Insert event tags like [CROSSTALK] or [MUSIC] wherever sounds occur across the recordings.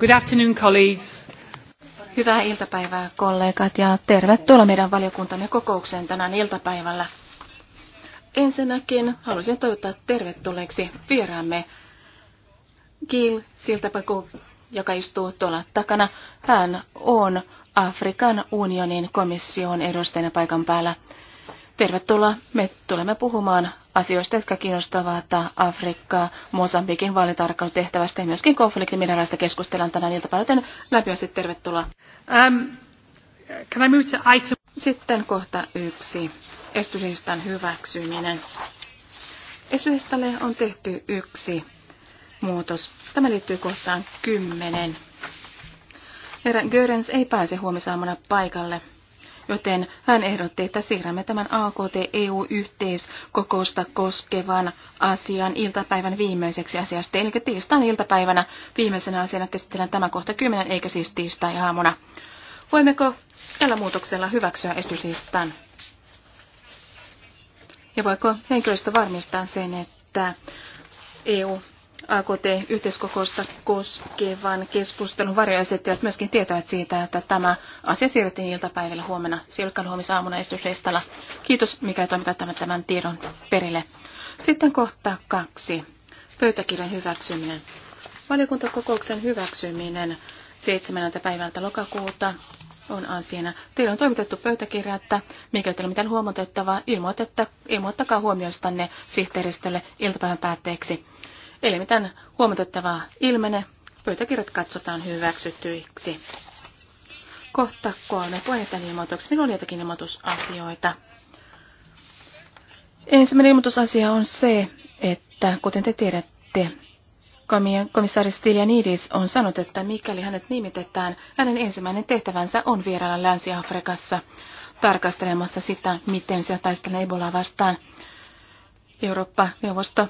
Good afternoon, colleagues. Hyvää iltapäivää kollegat ja tervetuloa meidän valiokuntamme kokoukseen tänään iltapäivällä. Ensinnäkin haluaisin toivottaa tervetulleeksi vieraamme Gil Siltapaku, joka istuu tuolla takana. Hän on Afrikan unionin komission edustajana paikan päällä. Tervetuloa. Me tulemme puhumaan asioista, jotka kiinnostavat Afrikkaa, Mosambikin vaalitarkkailutehtävästä ja myöskin konfliktimineraalista keskustellaan tänään iltapäivänä, joten lämpimästi tervetuloa. Um, can I move to item? Sitten kohta yksi. Estyslistan hyväksyminen. Estylistalle on tehty yksi muutos. Tämä liittyy kohtaan kymmenen. Herra Görens ei pääse huomisaamana paikalle joten hän ehdotti, että siirrämme tämän AKT-EU-yhteiskokousta koskevan asian iltapäivän viimeiseksi asiasta. Eli tiistain iltapäivänä viimeisenä asiana käsitellään tämä kohta 10, eikä siis tiistai-aamuna. Voimmeko tällä muutoksella hyväksyä esityslistan? Ja voiko henkilöstö varmistaa sen, että EU AKT-yhteiskokousta koskevan keskustelun varjoesittäjät myöskin tietävät siitä, että tämä asia siirrettiin iltapäivällä huomenna silkkan huomisaamuna esityslistalla. Kiitos, mikä toimittaa tämän, tiedon perille. Sitten kohta kaksi. Pöytäkirjan hyväksyminen. Valiokuntakokouksen hyväksyminen 7. päivältä lokakuuta on asiana. Teillä on toimitettu pöytäkirja, että mikäli teillä mitään huomautettavaa, ilmoittakaa huomioistanne sihteeristölle iltapäivän päätteeksi. Eli mitään huomatettavaa ilmene. Pöytäkirjat katsotaan hyväksytyiksi. Kohta kolme puheenjohtajan ilmoituksia. Minulla oli jotakin ilmoitusasioita. Ensimmäinen ilmoitusasia on se, että kuten te tiedätte, komissaari Stylianidis on sanonut, että mikäli hänet nimitetään, hänen ensimmäinen tehtävänsä on vierailla Länsi-Afrikassa tarkastelemassa sitä, miten se taistelee Ebolaa vastaan. Eurooppa-neuvosto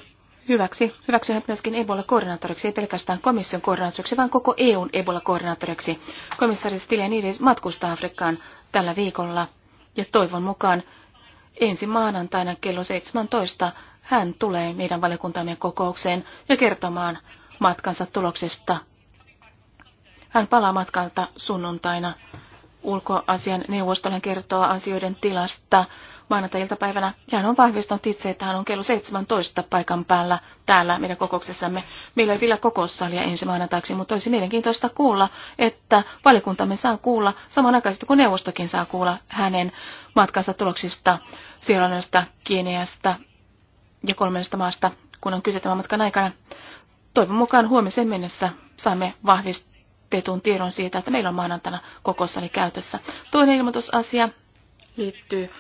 hyväksi, hyväksyä myöskin Ebola-koordinaattoriksi, ei pelkästään komission koordinaattoriksi, vaan koko EUn Ebola-koordinaattoriksi. Komissaari Stylianides matkustaa Afrikkaan tällä viikolla ja toivon mukaan ensi maanantaina kello 17 hän tulee meidän valiokuntamme kokoukseen ja kertomaan matkansa tuloksesta. Hän palaa matkalta sunnuntaina ulkoasian neuvostolle kertoa asioiden tilasta maanantai-iltapäivänä. Ja hän on vahvistanut itse, että hän on kello 17 paikan päällä täällä meidän kokouksessamme. Meillä ei vielä kokoussalia ensi maanantaiksi, mutta olisi mielenkiintoista kuulla, että valikuntamme saa kuulla samanaikaisesti kuin neuvostokin saa kuulla hänen matkansa tuloksista Sierraleosta, Kieniasta ja kolmesta maasta, kun on kyse tämän matkan aikana. Toivon mukaan huomisen mennessä saamme vahvistaa katetun tiedon siitä, että meillä on maanantaina kokoussali käytössä. Toinen ilmoitusasia liittyy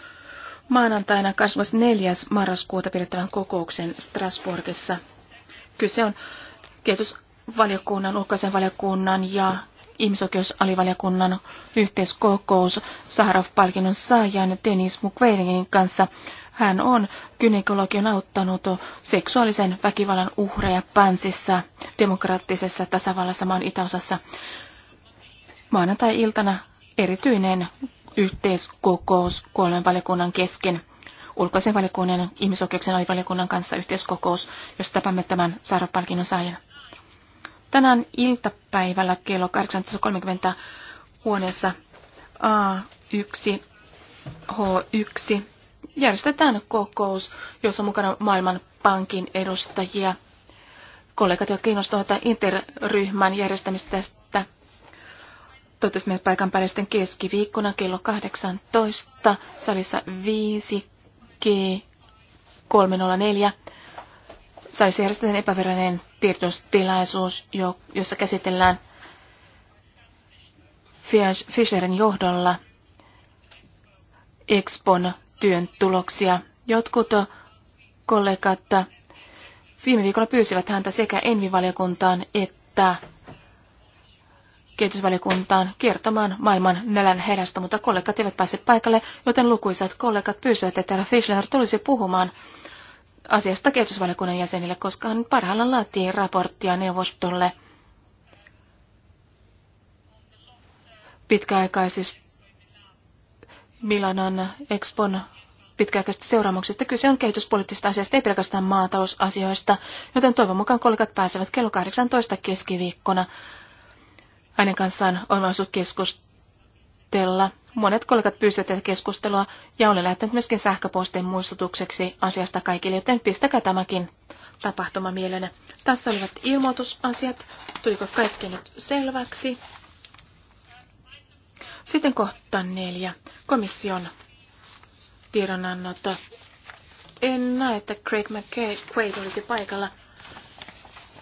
maanantaina 24. marraskuuta pidettävän kokouksen Strasbourgissa. Kyse on kehitysvaliokunnan, ulkoisen valiokunnan ja ihmisoikeusalivaliokunnan yhteiskokous Saharov-palkinnon saajan Denis Mukwegenin kanssa. Hän on gynekologian auttanut seksuaalisen väkivallan uhreja Pansissa, demokraattisessa tasavallassa maan itäosassa. Maanantai-iltana erityinen yhteiskokous kolmen valiokunnan kesken ulkoisen valiokunnan, ihmisoikeuksien alivaliokunnan kanssa yhteiskokous, jos tapamme tämän saaropalkinnon saajan. Tänään iltapäivällä kello 18.30 huoneessa A1 H1 järjestetään kokous, jossa on mukana maailman pankin edustajia. Kollegat, jo kiinnostuneita interryhmän järjestämistä tästä, totesimme paikan päälle sitten keskiviikkona kello 18 salissa 5G 304 saisi järjestetään epävirallinen tiedotustilaisuus, jossa käsitellään Fischerin johdolla Expon työn tuloksia. Jotkut kollegat viime viikolla pyysivät häntä sekä Envivaliokuntaan että kehitysvaliokuntaan kertomaan maailman nälän herästä, mutta kollegat eivät pääse paikalle, joten lukuisat kollegat pyysivät, että herra Fischler tulisi puhumaan asiasta kehitysvaliokunnan jäsenille, koska hän parhaillaan laatii raporttia neuvostolle pitkäaikaisista Milanan Expon pitkäaikaisista seuraamuksista. Kyse on kehityspoliittisista asiasta, ei pelkästään maatalousasioista, joten toivon mukaan kollegat pääsevät kello 18 keskiviikkona. Hänen kanssaan on keskustelua onnitella. Monet kollegat pyysivät tätä keskustelua ja olen lähettänyt myöskin sähköpostin muistutukseksi asiasta kaikille, joten pistäkää tämäkin tapahtuma mielenne. Tässä olivat ilmoitusasiat. Tuliko kaikki nyt selväksi? Sitten kohta neljä. Komission tiedonannot. En näe, että Craig McQuaid olisi paikalla.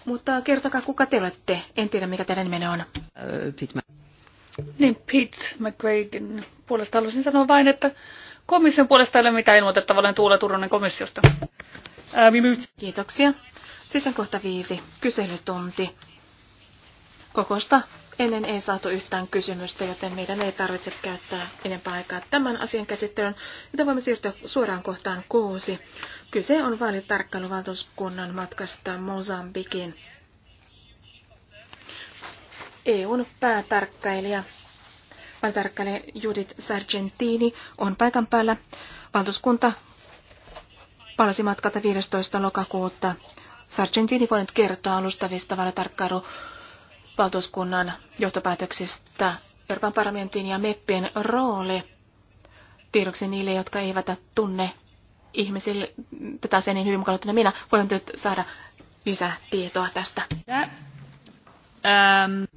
Mutta kertokaa, kuka te olette. En tiedä, mikä teidän nimenne on. Äh, Pitman. Niin, Pete McQuaigin puolesta haluaisin sanoa vain, että komission puolesta ei ole mitään ilmoitettavaa, olen Tuula Turunen komissiosta. Ähm, niin Kiitoksia. Sitten kohta viisi. Kyselytunti. Kokosta ennen ei saatu yhtään kysymystä, joten meidän ei tarvitse käyttää enempää aikaa tämän asian käsittelyyn, joten voimme siirtyä suoraan kohtaan kuusi. Kyse on vaalitarkkailuvaltuuskunnan matkasta Mozambikin. EUn päätarkkailija, päätarkkailija Judith Sargentini on paikan päällä. Valtuuskunta palasi matkalta 15. lokakuuta. Sargentini voi nyt kertoa alustavista vaalitarkkailu valtuuskunnan johtopäätöksistä Euroopan parlamentin ja MEPPien rooli tiedoksi niille, jotka eivät tunne ihmisille tätä asiaa niin hyvin mukaan minä, voin nyt saada lisää tietoa tästä. Um.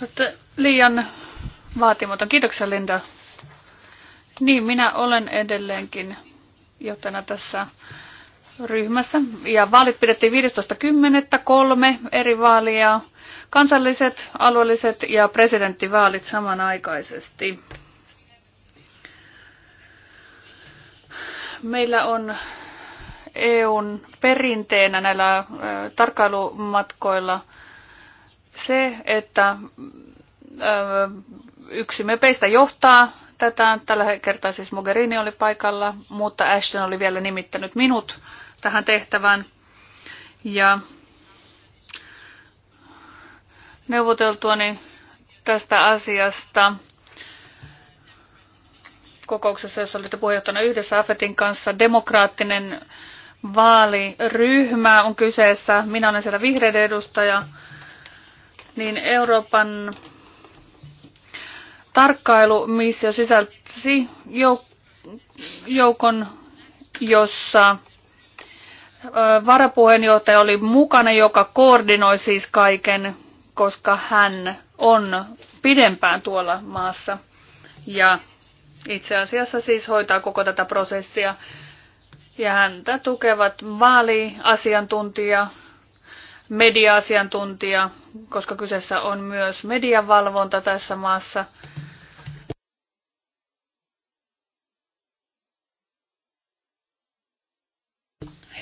Mutta liian vaatimaton. Kiitoksia Linda. Niin, minä olen edelleenkin johtana tässä ryhmässä. Ja vaalit pidettiin 15.10. kolme eri vaalia, kansalliset, alueelliset ja presidenttivaalit samanaikaisesti. Meillä on EUn perinteenä näillä tarkkailumatkoilla – se, että yksi mepeistä johtaa tätä, tällä kertaa siis Mogherini oli paikalla, mutta Ashton oli vielä nimittänyt minut tähän tehtävään. Ja neuvoteltuani tästä asiasta kokouksessa, jossa olitte puheenjohtajana yhdessä Afetin kanssa, demokraattinen vaaliryhmä on kyseessä. Minä olen siellä vihreiden edustaja niin Euroopan tarkkailumissio sisälsi joukon, jossa varapuheenjohtaja oli mukana, joka koordinoi siis kaiken, koska hän on pidempään tuolla maassa ja itse asiassa siis hoitaa koko tätä prosessia. Ja häntä tukevat vaaliasiantuntija media-asiantuntija, koska kyseessä on myös median tässä maassa.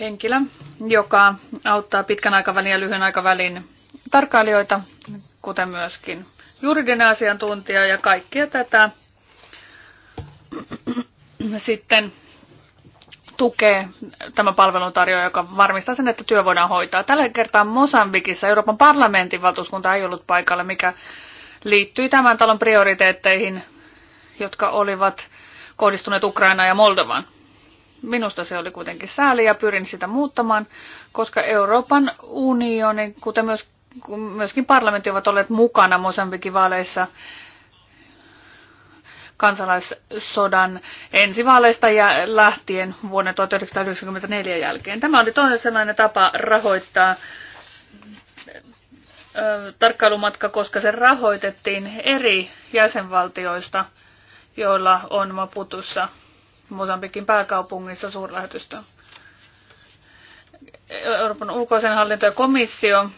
Henkilö, joka auttaa pitkän aikavälin ja lyhyen aikavälin tarkkailijoita, kuten myöskin juridinen asiantuntija ja kaikkia tätä [CLEARS THROAT] sitten tukee tämä palveluntarjoaja, joka varmistaa sen, että työ voidaan hoitaa. Tällä kertaa Mosambikissa Euroopan parlamentin valtuuskunta ei ollut paikalla, mikä liittyi tämän talon prioriteetteihin, jotka olivat kohdistuneet Ukrainaan ja Moldovaan. Minusta se oli kuitenkin sääli ja pyrin sitä muuttamaan, koska Euroopan unioni, kuten myös, myöskin parlamentti, ovat olleet mukana Mosambikin vaaleissa kansalaissodan ensivaaleista ja lähtien vuonna 1994 jälkeen. Tämä oli toinen sellainen tapa rahoittaa tarkkailumatka, koska se rahoitettiin eri jäsenvaltioista, joilla on Maputussa, Mosambikin pääkaupungissa suurlähetystö. Euroopan ulkoisen hallinto ja komissio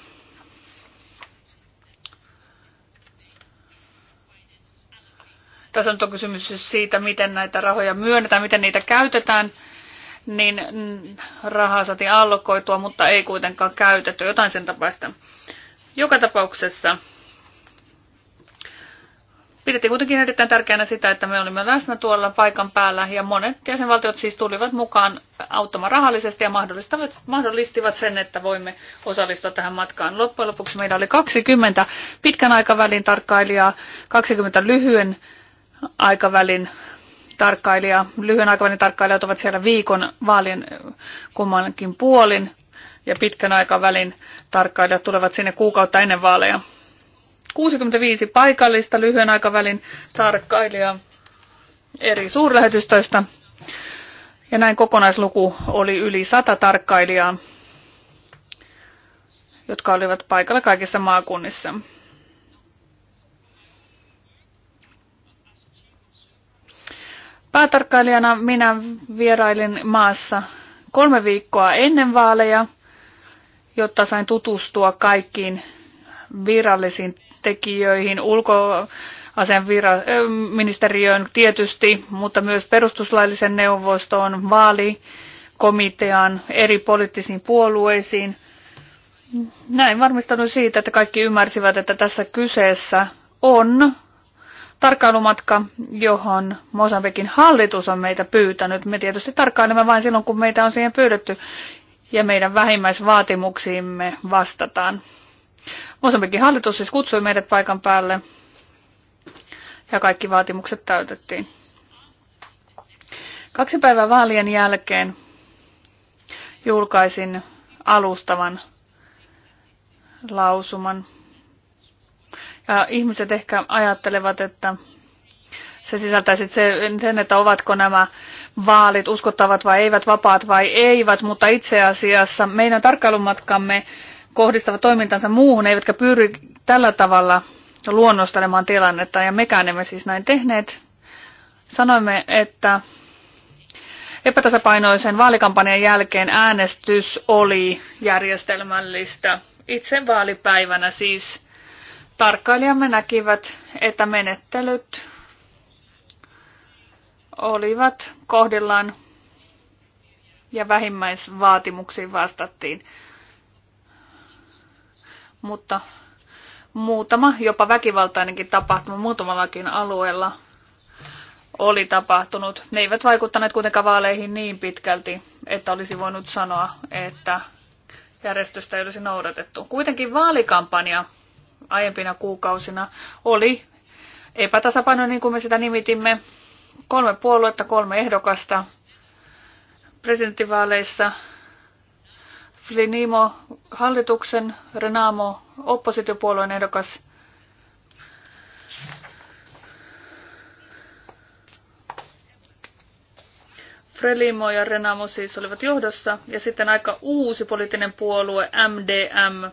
tässä nyt on kysymys siis siitä, miten näitä rahoja myönnetään, miten niitä käytetään, niin rahaa saati allokoitua, mutta ei kuitenkaan käytetty jotain sen tapaista. Joka tapauksessa pidettiin kuitenkin erittäin tärkeänä sitä, että me olimme läsnä tuolla paikan päällä ja monet jäsenvaltiot siis tulivat mukaan auttamaan rahallisesti ja mahdollistivat sen, että voimme osallistua tähän matkaan. Loppujen lopuksi meillä oli 20 pitkän aikavälin tarkkailijaa, 20 lyhyen aikavälin tarkkailija, lyhyen aikavälin tarkkailijat ovat siellä viikon vaalien kummankin puolin ja pitkän aikavälin tarkkailijat tulevat sinne kuukautta ennen vaaleja. 65 paikallista lyhyen aikavälin tarkkailijaa eri suurlähetystöistä ja näin kokonaisluku oli yli 100 tarkkailijaa, jotka olivat paikalla kaikissa maakunnissa. Päätarkkailijana minä vierailin maassa kolme viikkoa ennen vaaleja, jotta sain tutustua kaikkiin virallisiin tekijöihin, ulkoasianministeriöön tietysti, mutta myös perustuslaillisen neuvostoon, vaalikomiteaan, eri poliittisiin puolueisiin. Näin varmistanut siitä, että kaikki ymmärsivät, että tässä kyseessä on tarkkailumatka, johon Mosambikin hallitus on meitä pyytänyt. Me tietysti tarkkailemme vain silloin, kun meitä on siihen pyydetty ja meidän vähimmäisvaatimuksiimme vastataan. Mosambikin hallitus siis kutsui meidät paikan päälle ja kaikki vaatimukset täytettiin. Kaksi päivää vaalien jälkeen julkaisin alustavan lausuman ihmiset ehkä ajattelevat, että se sitten sen, että ovatko nämä vaalit uskottavat vai eivät, vapaat vai eivät, mutta itse asiassa meidän tarkkailumatkamme kohdistavat toimintansa muuhun, eivätkä pyri tällä tavalla luonnostelemaan tilannetta, ja mekään emme siis näin tehneet. Sanoimme, että epätasapainoisen vaalikampanjan jälkeen äänestys oli järjestelmällistä itse vaalipäivänä siis tarkkailijamme näkivät, että menettelyt olivat kohdillaan ja vähimmäisvaatimuksiin vastattiin. Mutta muutama, jopa väkivaltainenkin tapahtuma muutamallakin alueella oli tapahtunut. Ne eivät vaikuttaneet kuitenkaan vaaleihin niin pitkälti, että olisi voinut sanoa, että järjestystä ei olisi noudatettu. Kuitenkin vaalikampanja aiempina kuukausina oli epätasapaino, niin kuin me sitä nimitimme. Kolme puoluetta, kolme ehdokasta presidenttivaaleissa. Flinimo hallituksen, Renamo oppositiopuolueen ehdokas. Frelimo ja Renamo siis olivat johdossa. Ja sitten aika uusi poliittinen puolue, MDM,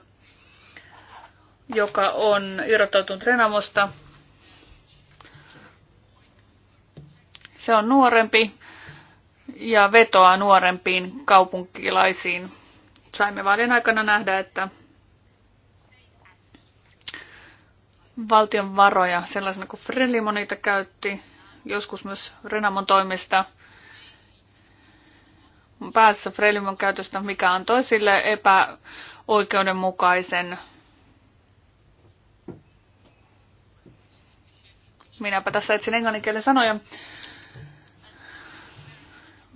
joka on irrottautunut Renamosta. Se on nuorempi ja vetoaa nuorempiin kaupunkilaisiin. Saimme vaalien aikana nähdä, että valtion varoja sellaisena kuin Frelimo niitä käytti, joskus myös Renamon toimesta päässä Frelimon käytöstä, mikä antoi sille epäoikeudenmukaisen Minäpä tässä etsin englanninkielen sanoja.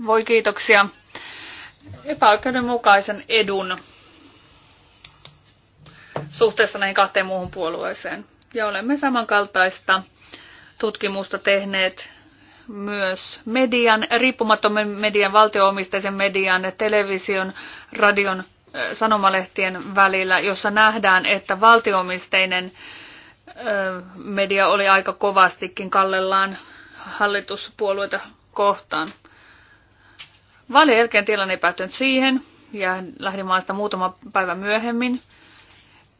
Voi kiitoksia. Epäoikeudenmukaisen edun suhteessa näihin kahteen muuhun puolueeseen. Ja olemme samankaltaista tutkimusta tehneet myös median, riippumattoman median, valtioomisteisen median, television, radion, eh, sanomalehtien välillä, jossa nähdään, että valtioomisteinen media oli aika kovastikin kallellaan hallituspuolueita kohtaan. Vaalien jälkeen tilanne ei päättynyt siihen ja lähdin maasta muutama päivä myöhemmin.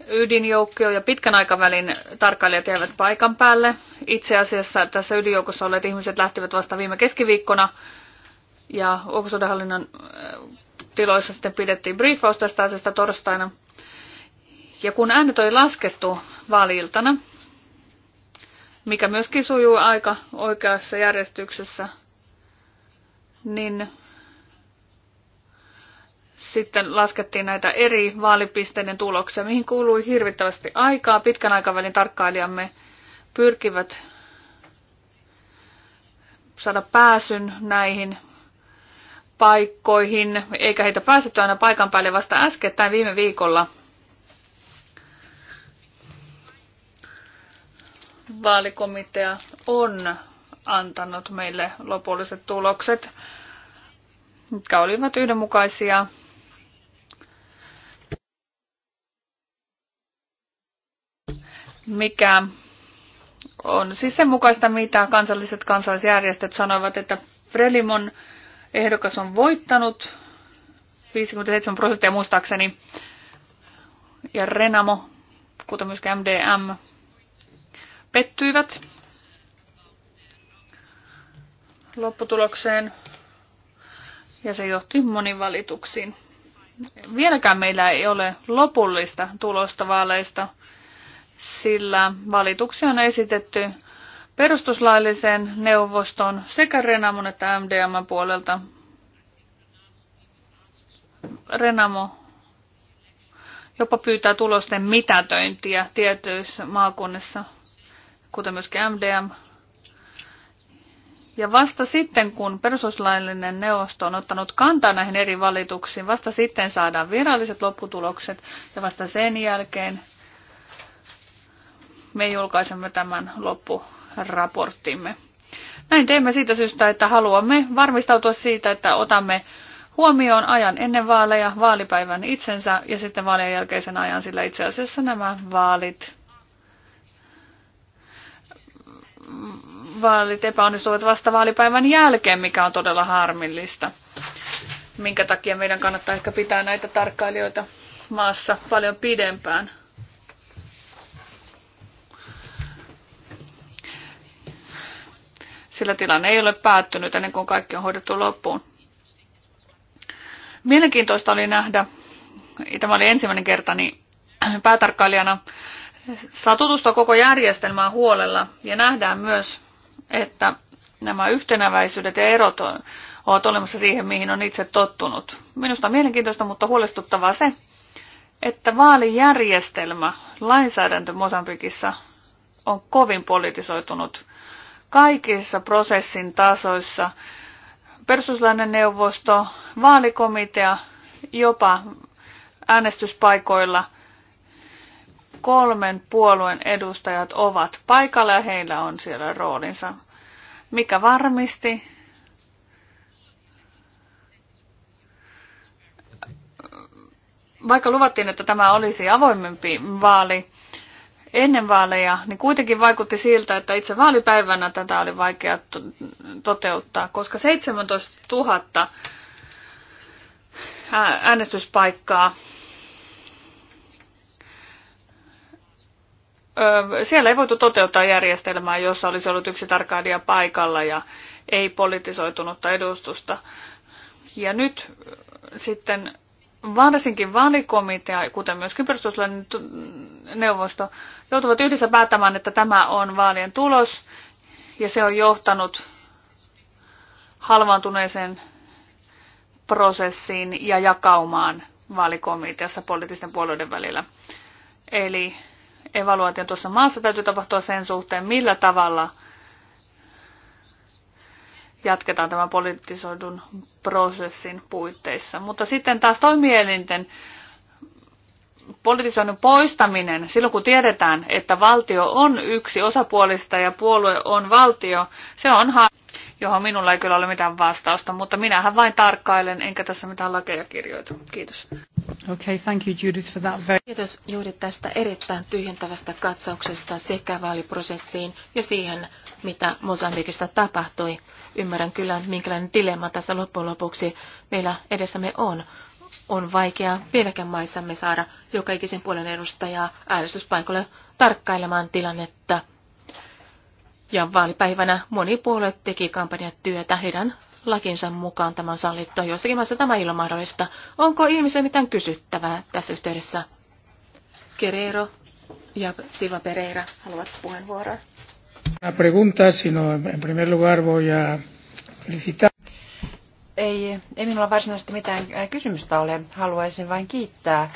Ydinjoukko ja pitkän aikavälin tarkkailijat jäivät paikan päälle. Itse asiassa tässä ydinjoukossa olleet ihmiset lähtivät vasta viime keskiviikkona ja ulkosuudenhallinnon tiloissa sitten pidettiin briefaus tästä asiasta torstaina – ja kun äänet oli laskettu vaaliiltana, mikä myöskin sujuu aika oikeassa järjestyksessä, niin sitten laskettiin näitä eri vaalipisteiden tuloksia, mihin kuului hirvittävästi aikaa. Pitkän aikavälin tarkkailijamme pyrkivät saada pääsyn näihin paikkoihin, eikä heitä päästetty aina paikan päälle vasta äskettäin viime viikolla – vaalikomitea on antanut meille lopulliset tulokset, jotka olivat yhdenmukaisia mikä on siis sen mukaista, mitä kansalliset kansalaisjärjestöt sanoivat, että Frelimon ehdokas on voittanut 57 prosenttia muistaakseni, ja Renamo, kuten myöskin MDM, pettyivät lopputulokseen ja se johti moniin valituksiin. Vieläkään meillä ei ole lopullista tulosta vaaleista, sillä valituksia on esitetty perustuslaillisen neuvoston sekä Renamon että MDM puolelta. Renamo jopa pyytää tulosten mitätöintiä tietyissä maakunnissa – kuten myöskin MDM. Ja vasta sitten, kun perustuslaillinen neuvosto on ottanut kantaa näihin eri valituksiin, vasta sitten saadaan viralliset lopputulokset ja vasta sen jälkeen me julkaisemme tämän loppuraporttimme. Näin teemme siitä syystä, että haluamme varmistautua siitä, että otamme huomioon ajan ennen vaaleja, vaalipäivän itsensä ja sitten vaalien jälkeisen ajan, sillä itse asiassa nämä vaalit vaalit epäonnistuvat vasta vaalipäivän jälkeen, mikä on todella harmillista. Minkä takia meidän kannattaa ehkä pitää näitä tarkkailijoita maassa paljon pidempään. Sillä tilanne ei ole päättynyt ennen kuin kaikki on hoidettu loppuun. Mielenkiintoista oli nähdä, tämä oli ensimmäinen kerta, niin päätarkkailijana, saa tutustua koko järjestelmään huolella ja nähdään myös, että nämä yhtenäväisyydet ja erot ovat olemassa siihen, mihin on itse tottunut. Minusta on mielenkiintoista, mutta huolestuttavaa se, että vaalijärjestelmä, lainsäädäntö Mosambikissa on kovin politisoitunut kaikissa prosessin tasoissa. Perustuslainen neuvosto, vaalikomitea, jopa äänestyspaikoilla – kolmen puolueen edustajat ovat paikalla ja heillä on siellä roolinsa. Mikä varmisti? Vaikka luvattiin, että tämä olisi avoimempi vaali ennen vaaleja, niin kuitenkin vaikutti siltä, että itse vaalipäivänä tätä oli vaikea toteuttaa, koska 17 000 äänestyspaikkaa siellä ei voitu toteuttaa järjestelmää, jossa olisi ollut yksi tarkkailija paikalla ja ei politisoitunutta edustusta. Ja nyt sitten varsinkin vaalikomitea, kuten myöskin perustuslain neuvosto, joutuvat yhdessä päättämään, että tämä on vaalien tulos ja se on johtanut halvaantuneeseen prosessiin ja jakaumaan vaalikomiteassa poliittisten puolueiden välillä. Eli evaluaatio tuossa maassa täytyy tapahtua sen suhteen, millä tavalla jatketaan tämän politisoidun prosessin puitteissa. Mutta sitten taas toimielinten politisoinnin poistaminen silloin, kun tiedetään, että valtio on yksi osapuolista ja puolue on valtio, se on ha- johon minulla ei kyllä ole mitään vastausta, mutta minähän vain tarkkailen, enkä tässä mitään lakeja kirjoita. Kiitos. Okay, thank you Judith for that very... Kiitos Judith tästä erittäin tyhjentävästä katsauksesta sekä vaaliprosessiin ja siihen, mitä Mosambikista tapahtui. Ymmärrän kyllä, minkälainen dilemma tässä loppujen lopuksi meillä edessämme on. On vaikea meidänkin maissamme saada joka ikisen puolen edustajaa äänestyspaikalle tarkkailemaan tilannetta – ja vaalipäivänä moni puolue teki kampanjatyötä heidän lakinsa mukaan tämän sallittua. Jossakin maassa tämä ei ole mahdollista. Onko ihmisen mitään kysyttävää tässä yhteydessä? Guerrero ja Silva Pereira haluavat puheenvuoroa. Una pregunta, sino en primer lugar voy a felicitar. Ei, ei minulla varsinaisesti mitään kysymystä ole. Haluaisin vain kiittää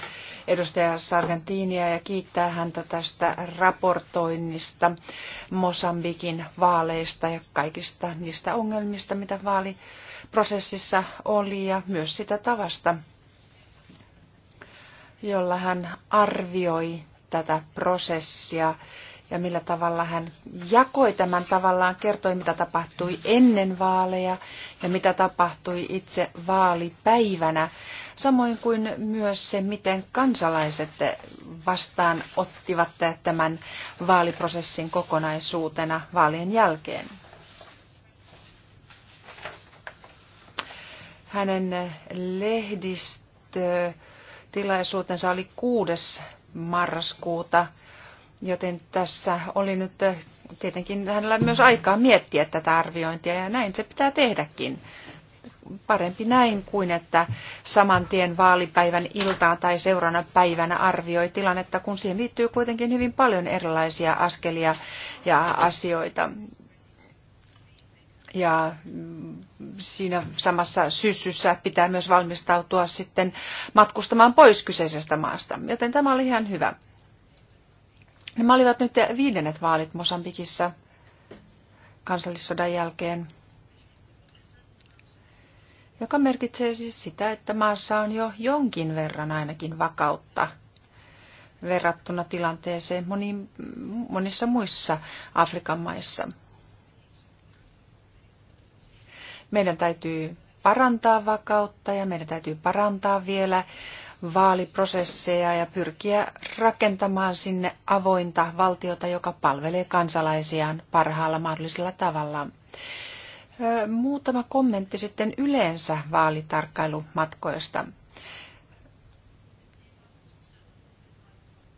edustaja Sargentinia ja kiittää häntä tästä raportoinnista Mosambikin vaaleista ja kaikista niistä ongelmista, mitä vaaliprosessissa oli ja myös sitä tavasta, jolla hän arvioi tätä prosessia ja millä tavalla hän jakoi tämän tavallaan, kertoi mitä tapahtui ennen vaaleja ja mitä tapahtui itse vaalipäivänä, samoin kuin myös se, miten kansalaiset vastaan ottivat tämän vaaliprosessin kokonaisuutena vaalien jälkeen. Hänen lehdistötilaisuutensa oli 6. marraskuuta Joten tässä oli nyt eh, tietenkin hänellä myös aikaa miettiä tätä arviointia ja näin se pitää tehdäkin. Parempi näin kuin, että saman tien vaalipäivän iltaan tai seuraavana päivänä arvioi tilannetta, kun siihen liittyy kuitenkin hyvin paljon erilaisia askelia ja asioita. Ja mm, siinä samassa syssyssä pitää myös valmistautua sitten matkustamaan pois kyseisestä maasta, joten tämä oli ihan hyvä. Nämä olivat nyt viidennet vaalit Mosambikissa kansallissodan jälkeen, joka merkitsee siis sitä, että maassa on jo jonkin verran ainakin vakautta verrattuna tilanteeseen moni, monissa muissa Afrikan maissa. Meidän täytyy parantaa vakautta ja meidän täytyy parantaa vielä vaaliprosesseja ja pyrkiä rakentamaan sinne avointa valtiota, joka palvelee kansalaisiaan parhaalla mahdollisella tavalla. Muutama kommentti sitten yleensä vaalitarkkailumatkoista.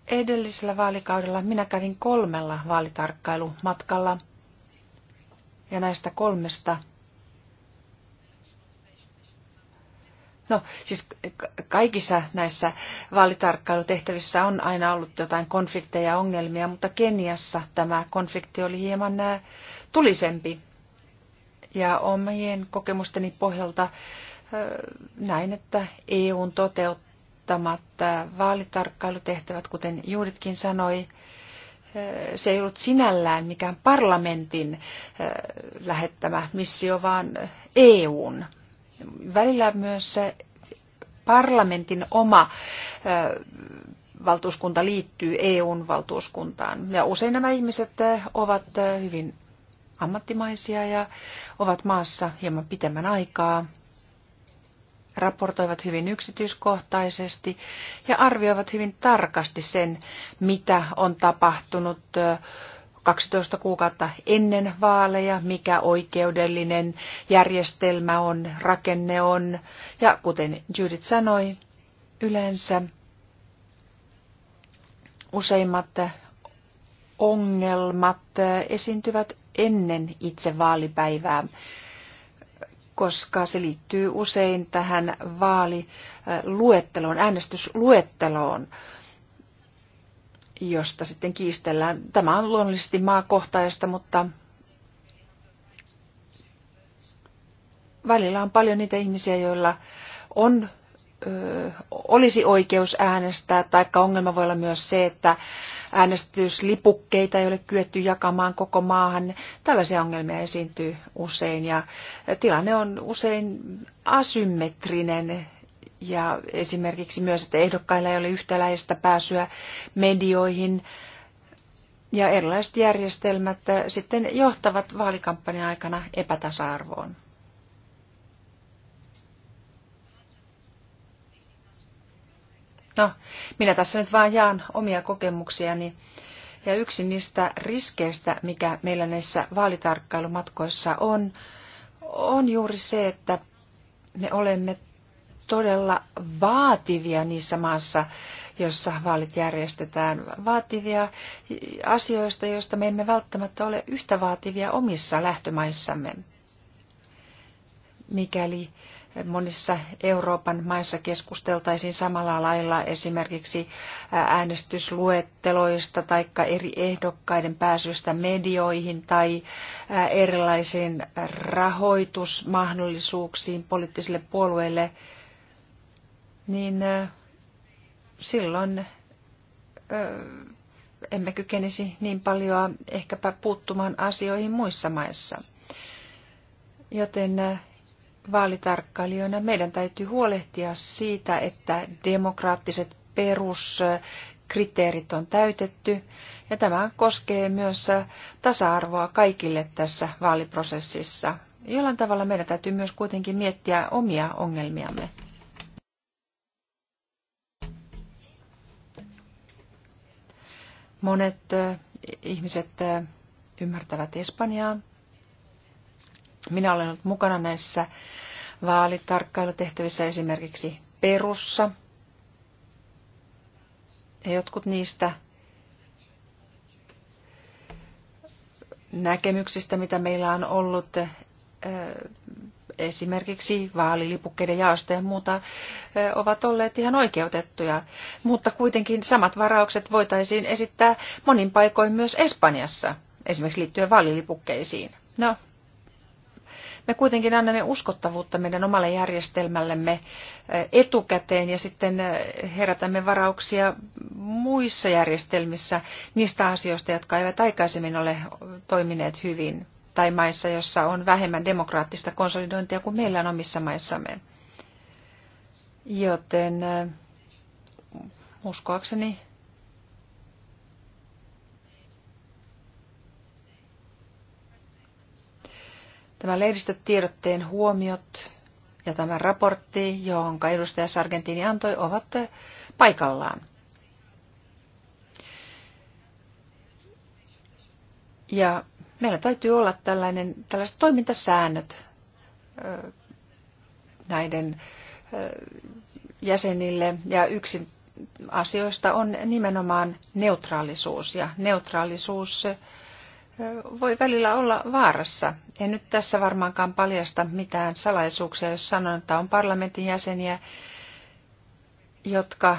Edellisellä vaalikaudella minä kävin kolmella vaalitarkkailumatkalla ja näistä kolmesta No siis kaikissa näissä vaalitarkkailutehtävissä on aina ollut jotain konflikteja ja ongelmia, mutta Keniassa tämä konflikti oli hieman tulisempi. Ja omien kokemusteni pohjalta näin, että EUn toteuttamat vaalitarkkailutehtävät, kuten Juuditkin sanoi, se ei ollut sinällään mikään parlamentin lähettämä missio, vaan EUn välillä myös se parlamentin oma valtuuskunta liittyy EUn valtuuskuntaan. Ja usein nämä ihmiset ovat hyvin ammattimaisia ja ovat maassa hieman pitemmän aikaa, raportoivat hyvin yksityiskohtaisesti ja arvioivat hyvin tarkasti sen, mitä on tapahtunut 12 kuukautta ennen vaaleja, mikä oikeudellinen järjestelmä on, rakenne on. Ja kuten Judith sanoi, yleensä useimmat ongelmat esiintyvät ennen itse vaalipäivää, koska se liittyy usein tähän vaaliluetteloon, äänestysluetteloon josta sitten kiistellään. Tämä on luonnollisesti maakohtaista, mutta välillä on paljon niitä ihmisiä, joilla on, ö, olisi oikeus äänestää, taikka ongelma voi olla myös se, että äänestyslipukkeita ei ole kyetty jakamaan koko maahan. Tällaisia ongelmia esiintyy usein ja tilanne on usein asymmetrinen ja esimerkiksi myös, että ehdokkailla ei ole yhtäläistä pääsyä medioihin. Ja erilaiset järjestelmät äh, sitten johtavat vaalikampanjan aikana epätasa-arvoon. No, minä tässä nyt vaan jaan omia kokemuksiani. Ja yksi niistä riskeistä, mikä meillä näissä vaalitarkkailumatkoissa on, on juuri se, että me olemme todella vaativia niissä maissa, jossa vaalit järjestetään. Vaativia asioista, joista me emme välttämättä ole yhtä vaativia omissa lähtömaissamme. Mikäli monissa Euroopan maissa keskusteltaisiin samalla lailla esimerkiksi äänestysluetteloista tai eri ehdokkaiden pääsystä medioihin tai erilaisiin rahoitusmahdollisuuksiin poliittisille puolueille – niin silloin emme kykenisi niin paljon ehkäpä puuttumaan asioihin muissa maissa. Joten vaalitarkkailijoina meidän täytyy huolehtia siitä, että demokraattiset peruskriteerit on täytetty, ja tämä koskee myös tasa-arvoa kaikille tässä vaaliprosessissa. Jollain tavalla meidän täytyy myös kuitenkin miettiä omia ongelmiamme. Monet ihmiset ymmärtävät Espanjaa. Minä olen ollut mukana näissä vaalitarkkailutehtävissä esimerkiksi Perussa. Ja jotkut niistä näkemyksistä, mitä meillä on ollut esimerkiksi vaalilipukkeiden jaosta ja muuta ovat olleet ihan oikeutettuja. Mutta kuitenkin samat varaukset voitaisiin esittää monin paikoin myös Espanjassa, esimerkiksi liittyen vaalilipukkeisiin. No, me kuitenkin annamme uskottavuutta meidän omalle järjestelmällemme etukäteen ja sitten herätämme varauksia muissa järjestelmissä niistä asioista, jotka eivät aikaisemmin ole toimineet hyvin tai maissa, jossa on vähemmän demokraattista konsolidointia kuin meillä on omissa maissamme. Joten äh, uskoakseni tämä lehdistötiedotteen huomiot ja tämä raportti, johon edustaja Sargentini antoi, ovat paikallaan. Ja Meillä täytyy olla tällainen, tällaiset toimintasäännöt näiden jäsenille ja yksin asioista on nimenomaan neutraalisuus ja neutraalisuus voi välillä olla vaarassa. En nyt tässä varmaankaan paljasta mitään salaisuuksia, jos sanon, että on parlamentin jäseniä, jotka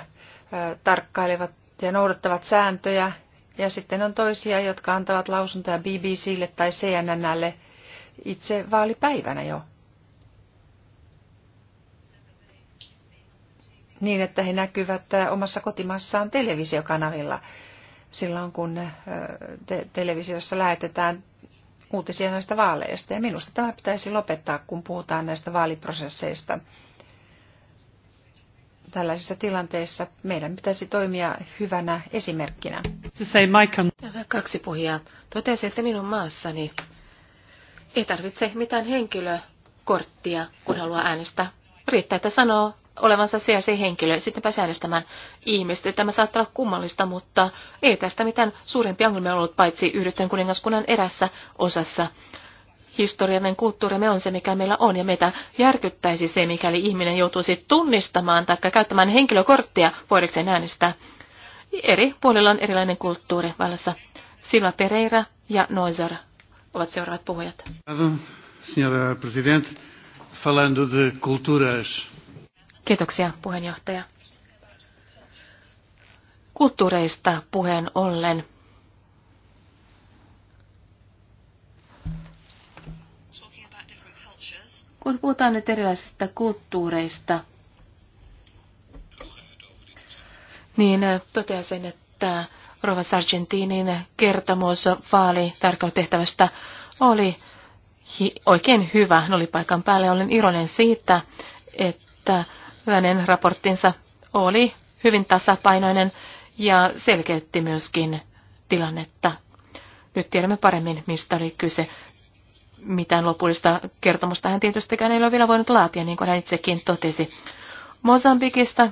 tarkkailevat ja noudattavat sääntöjä ja sitten on toisia, jotka antavat lausuntoja BBClle tai CNNlle itse vaalipäivänä jo. Niin, että he näkyvät äh, omassa kotimaassaan televisiokanavilla silloin, kun äh, te- televisiossa lähetetään uutisia näistä vaaleista. Ja minusta tämä pitäisi lopettaa, kun puhutaan näistä vaaliprosesseista tällaisissa tilanteissa meidän pitäisi toimia hyvänä esimerkkinä. Nämä kaksi puhujaa totesi, että minun maassani ei tarvitse mitään henkilökorttia, kun haluaa äänestää. Riittää, että sanoo olevansa se ja se henkilö, sitten pääsee äänestämään ihmistä. Tämä saattaa olla kummallista, mutta ei tästä mitään suurempia ongelmia ollut, paitsi yhdistön kuningaskunnan erässä osassa, historiallinen kulttuurimme on se, mikä meillä on, ja meitä järkyttäisi se, mikäli ihminen joutuisi tunnistamaan tai käyttämään henkilökorttia voidakseen äänestää. Eri puolilla on erilainen kulttuuri vallassa. Silva Pereira ja Noiser ovat seuraavat puhujat. Presidente, Kiitoksia, puheenjohtaja. Kulttuureista puheen ollen Kun puhutaan nyt erilaisista kulttuureista, niin äh, totean sen, että Rova Sargentinin kertomus vaalitarkkailutehtävästä oli hi- oikein hyvä. Ne oli paikan päälle. Olen iloinen siitä, että hänen raporttinsa oli hyvin tasapainoinen ja selkeytti myöskin tilannetta. Nyt tiedämme paremmin, mistä oli kyse mitään lopullista kertomusta hän tietystikään ei ole vielä voinut laatia, niin kuin hän itsekin totesi. Mosambikista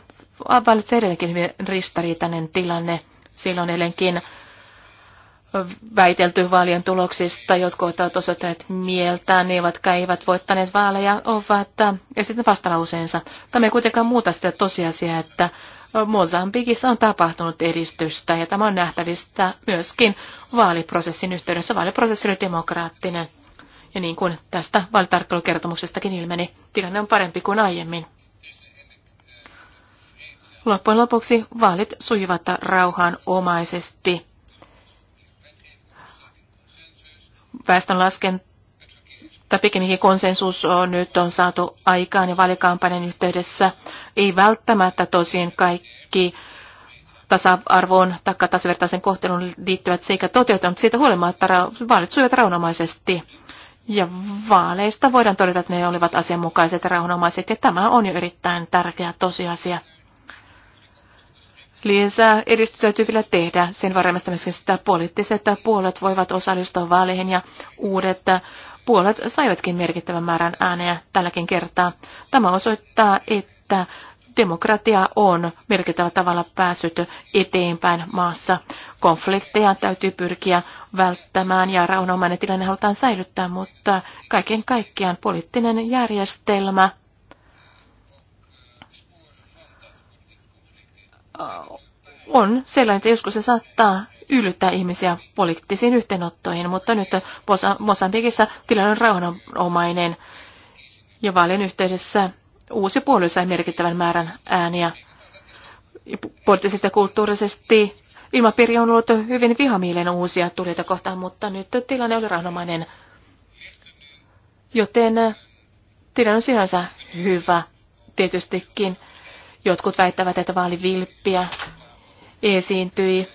valitsee edelleenkin hyvin ristariitainen tilanne. Silloin edelleenkin väitelty vaalien tuloksista, jotka ovat osoittaneet mieltään, ne ovat eivät voittaneet vaaleja, ovat äh, ja sitten vastalauseensa. Tämä ei kuitenkaan muuta sitä tosiasiaa, että Mosambikissa on tapahtunut edistystä ja tämä on nähtävistä myöskin vaaliprosessin yhteydessä. Vaaliprosessi oli demokraattinen. Ja niin kuin tästä vaalitarkkailukertomuksestakin ilmeni, tilanne on parempi kuin aiemmin. Loppujen lopuksi vaalit sujuvat rauhanomaisesti. Väestönlasken tai pikemminkin konsensus on nyt on saatu aikaan ja vaalikampanjan yhteydessä. Ei välttämättä tosin kaikki tasa-arvoon tai tasavertaisen kohtelun liittyvät seikat mutta siitä huolimatta vaalit sujuvat raunomaisesti. Ja vaaleista voidaan todeta, että ne olivat asianmukaiset ja rauhanomaiset, ja tämä on jo erittäin tärkeä tosiasia. Lisää edistys täytyy vielä tehdä sen myöskin sitä poliittiset puolet voivat osallistua vaaleihin ja uudet puolet saivatkin merkittävän määrän ääniä tälläkin kertaa. Tämä osoittaa, että Demokratia on merkittävällä tavalla päässyt eteenpäin maassa. Konflikteja täytyy pyrkiä välttämään ja rauhanomainen tilanne halutaan säilyttää, mutta kaiken kaikkiaan poliittinen järjestelmä äh, on sellainen, että joskus se saattaa yllyttää ihmisiä poliittisiin yhteenottoihin, mutta nyt Mosambikissa tilanne on rauhanomainen ja vaalien yhteydessä uusi puolue sai merkittävän määrän ääniä. Poliittisesti ja kulttuurisesti ilmapiiri on ollut hyvin vihamielinen uusia tulijoita kohtaan, mutta nyt tilanne oli rahnomainen. Joten äh, tilanne on sinänsä hyvä tietystikin. Jotkut väittävät, että vaali vilppiä esiintyi.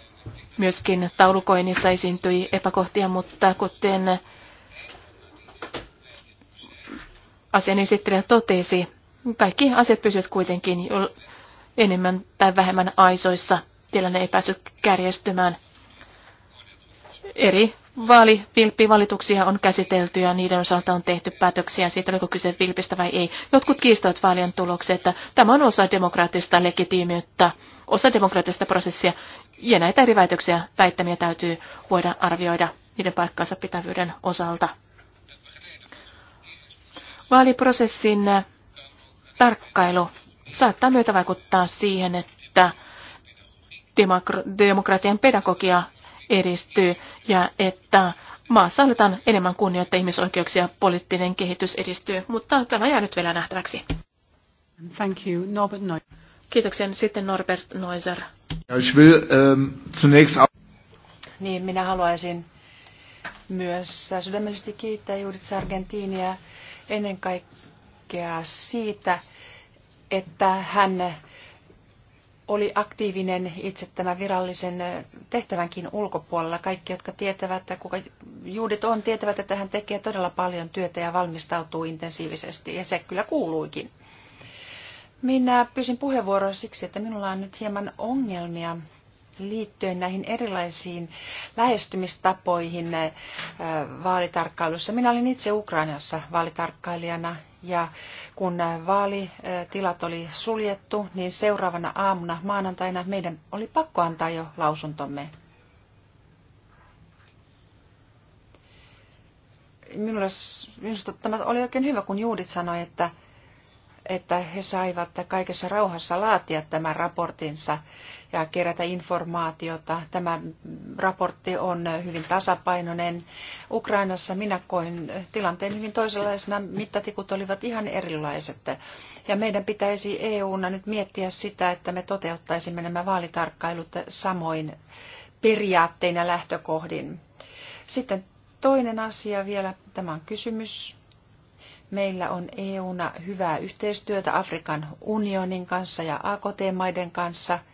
Myöskin taulukoinnissa esiintyi epäkohtia, mutta kuten asian esittelijä totesi, kaikki asiat pysyvät kuitenkin enemmän tai vähemmän aisoissa. Tilanne ei päässyt kärjestymään. Eri vaalivilppivalituksia on käsitelty ja niiden osalta on tehty päätöksiä siitä, oliko kyse vilpistä vai ei. Jotkut kiistävät vaalien tulokset, että tämä on osa demokraattista legitiimiyttä, osa demokraattista prosessia, ja näitä eri väitöksiä, väittämiä täytyy voida arvioida niiden paikkansa pitävyyden osalta. Vaaliprosessin tarkkailu saattaa myötä vaikuttaa siihen, että demokratian pedagogia edistyy ja että maassa annetaan enemmän kunnioittaa ihmisoikeuksia ja poliittinen kehitys edistyy, mutta tämä jää nyt vielä nähtäväksi. Thank you, Norbert Neuser. Kiitoksia. Sitten Norbert Neuser. Ich will, ähm, zunächst niin, minä haluaisin myös sydämellisesti kiittää Judith Argentiinia ennen kaikkea siitä, että hän oli aktiivinen itse tämän virallisen tehtävänkin ulkopuolella. Kaikki, jotka tietävät, että kuka Juudet on, tietävät, että hän tekee todella paljon työtä ja valmistautuu intensiivisesti, ja se kyllä kuuluikin. Minä pyysin puheenvuoroa siksi, että minulla on nyt hieman ongelmia liittyen näihin erilaisiin lähestymistapoihin äh, vaalitarkkailussa. Minä olin itse Ukrainassa vaalitarkkailijana ja kun vaalitilat oli suljettu, niin seuraavana aamuna maanantaina meidän oli pakko antaa jo lausuntomme. Minulle, minusta tämä oli oikein hyvä, kun Juudit sanoi, että, että he saivat kaikessa rauhassa laatia tämän raportinsa ja kerätä informaatiota. Tämä raportti on hyvin tasapainoinen. Ukrainassa minä koin tilanteen hyvin toisenlaisena. Mittatikut olivat ihan erilaiset. Ja meidän pitäisi EU: EU-na nyt miettiä sitä, että me toteuttaisimme nämä vaalitarkkailut samoin periaattein ja lähtökohdin. Sitten toinen asia vielä, tämä on kysymys. Meillä on EUna hyvää yhteistyötä Afrikan unionin kanssa ja AKT-maiden kanssa –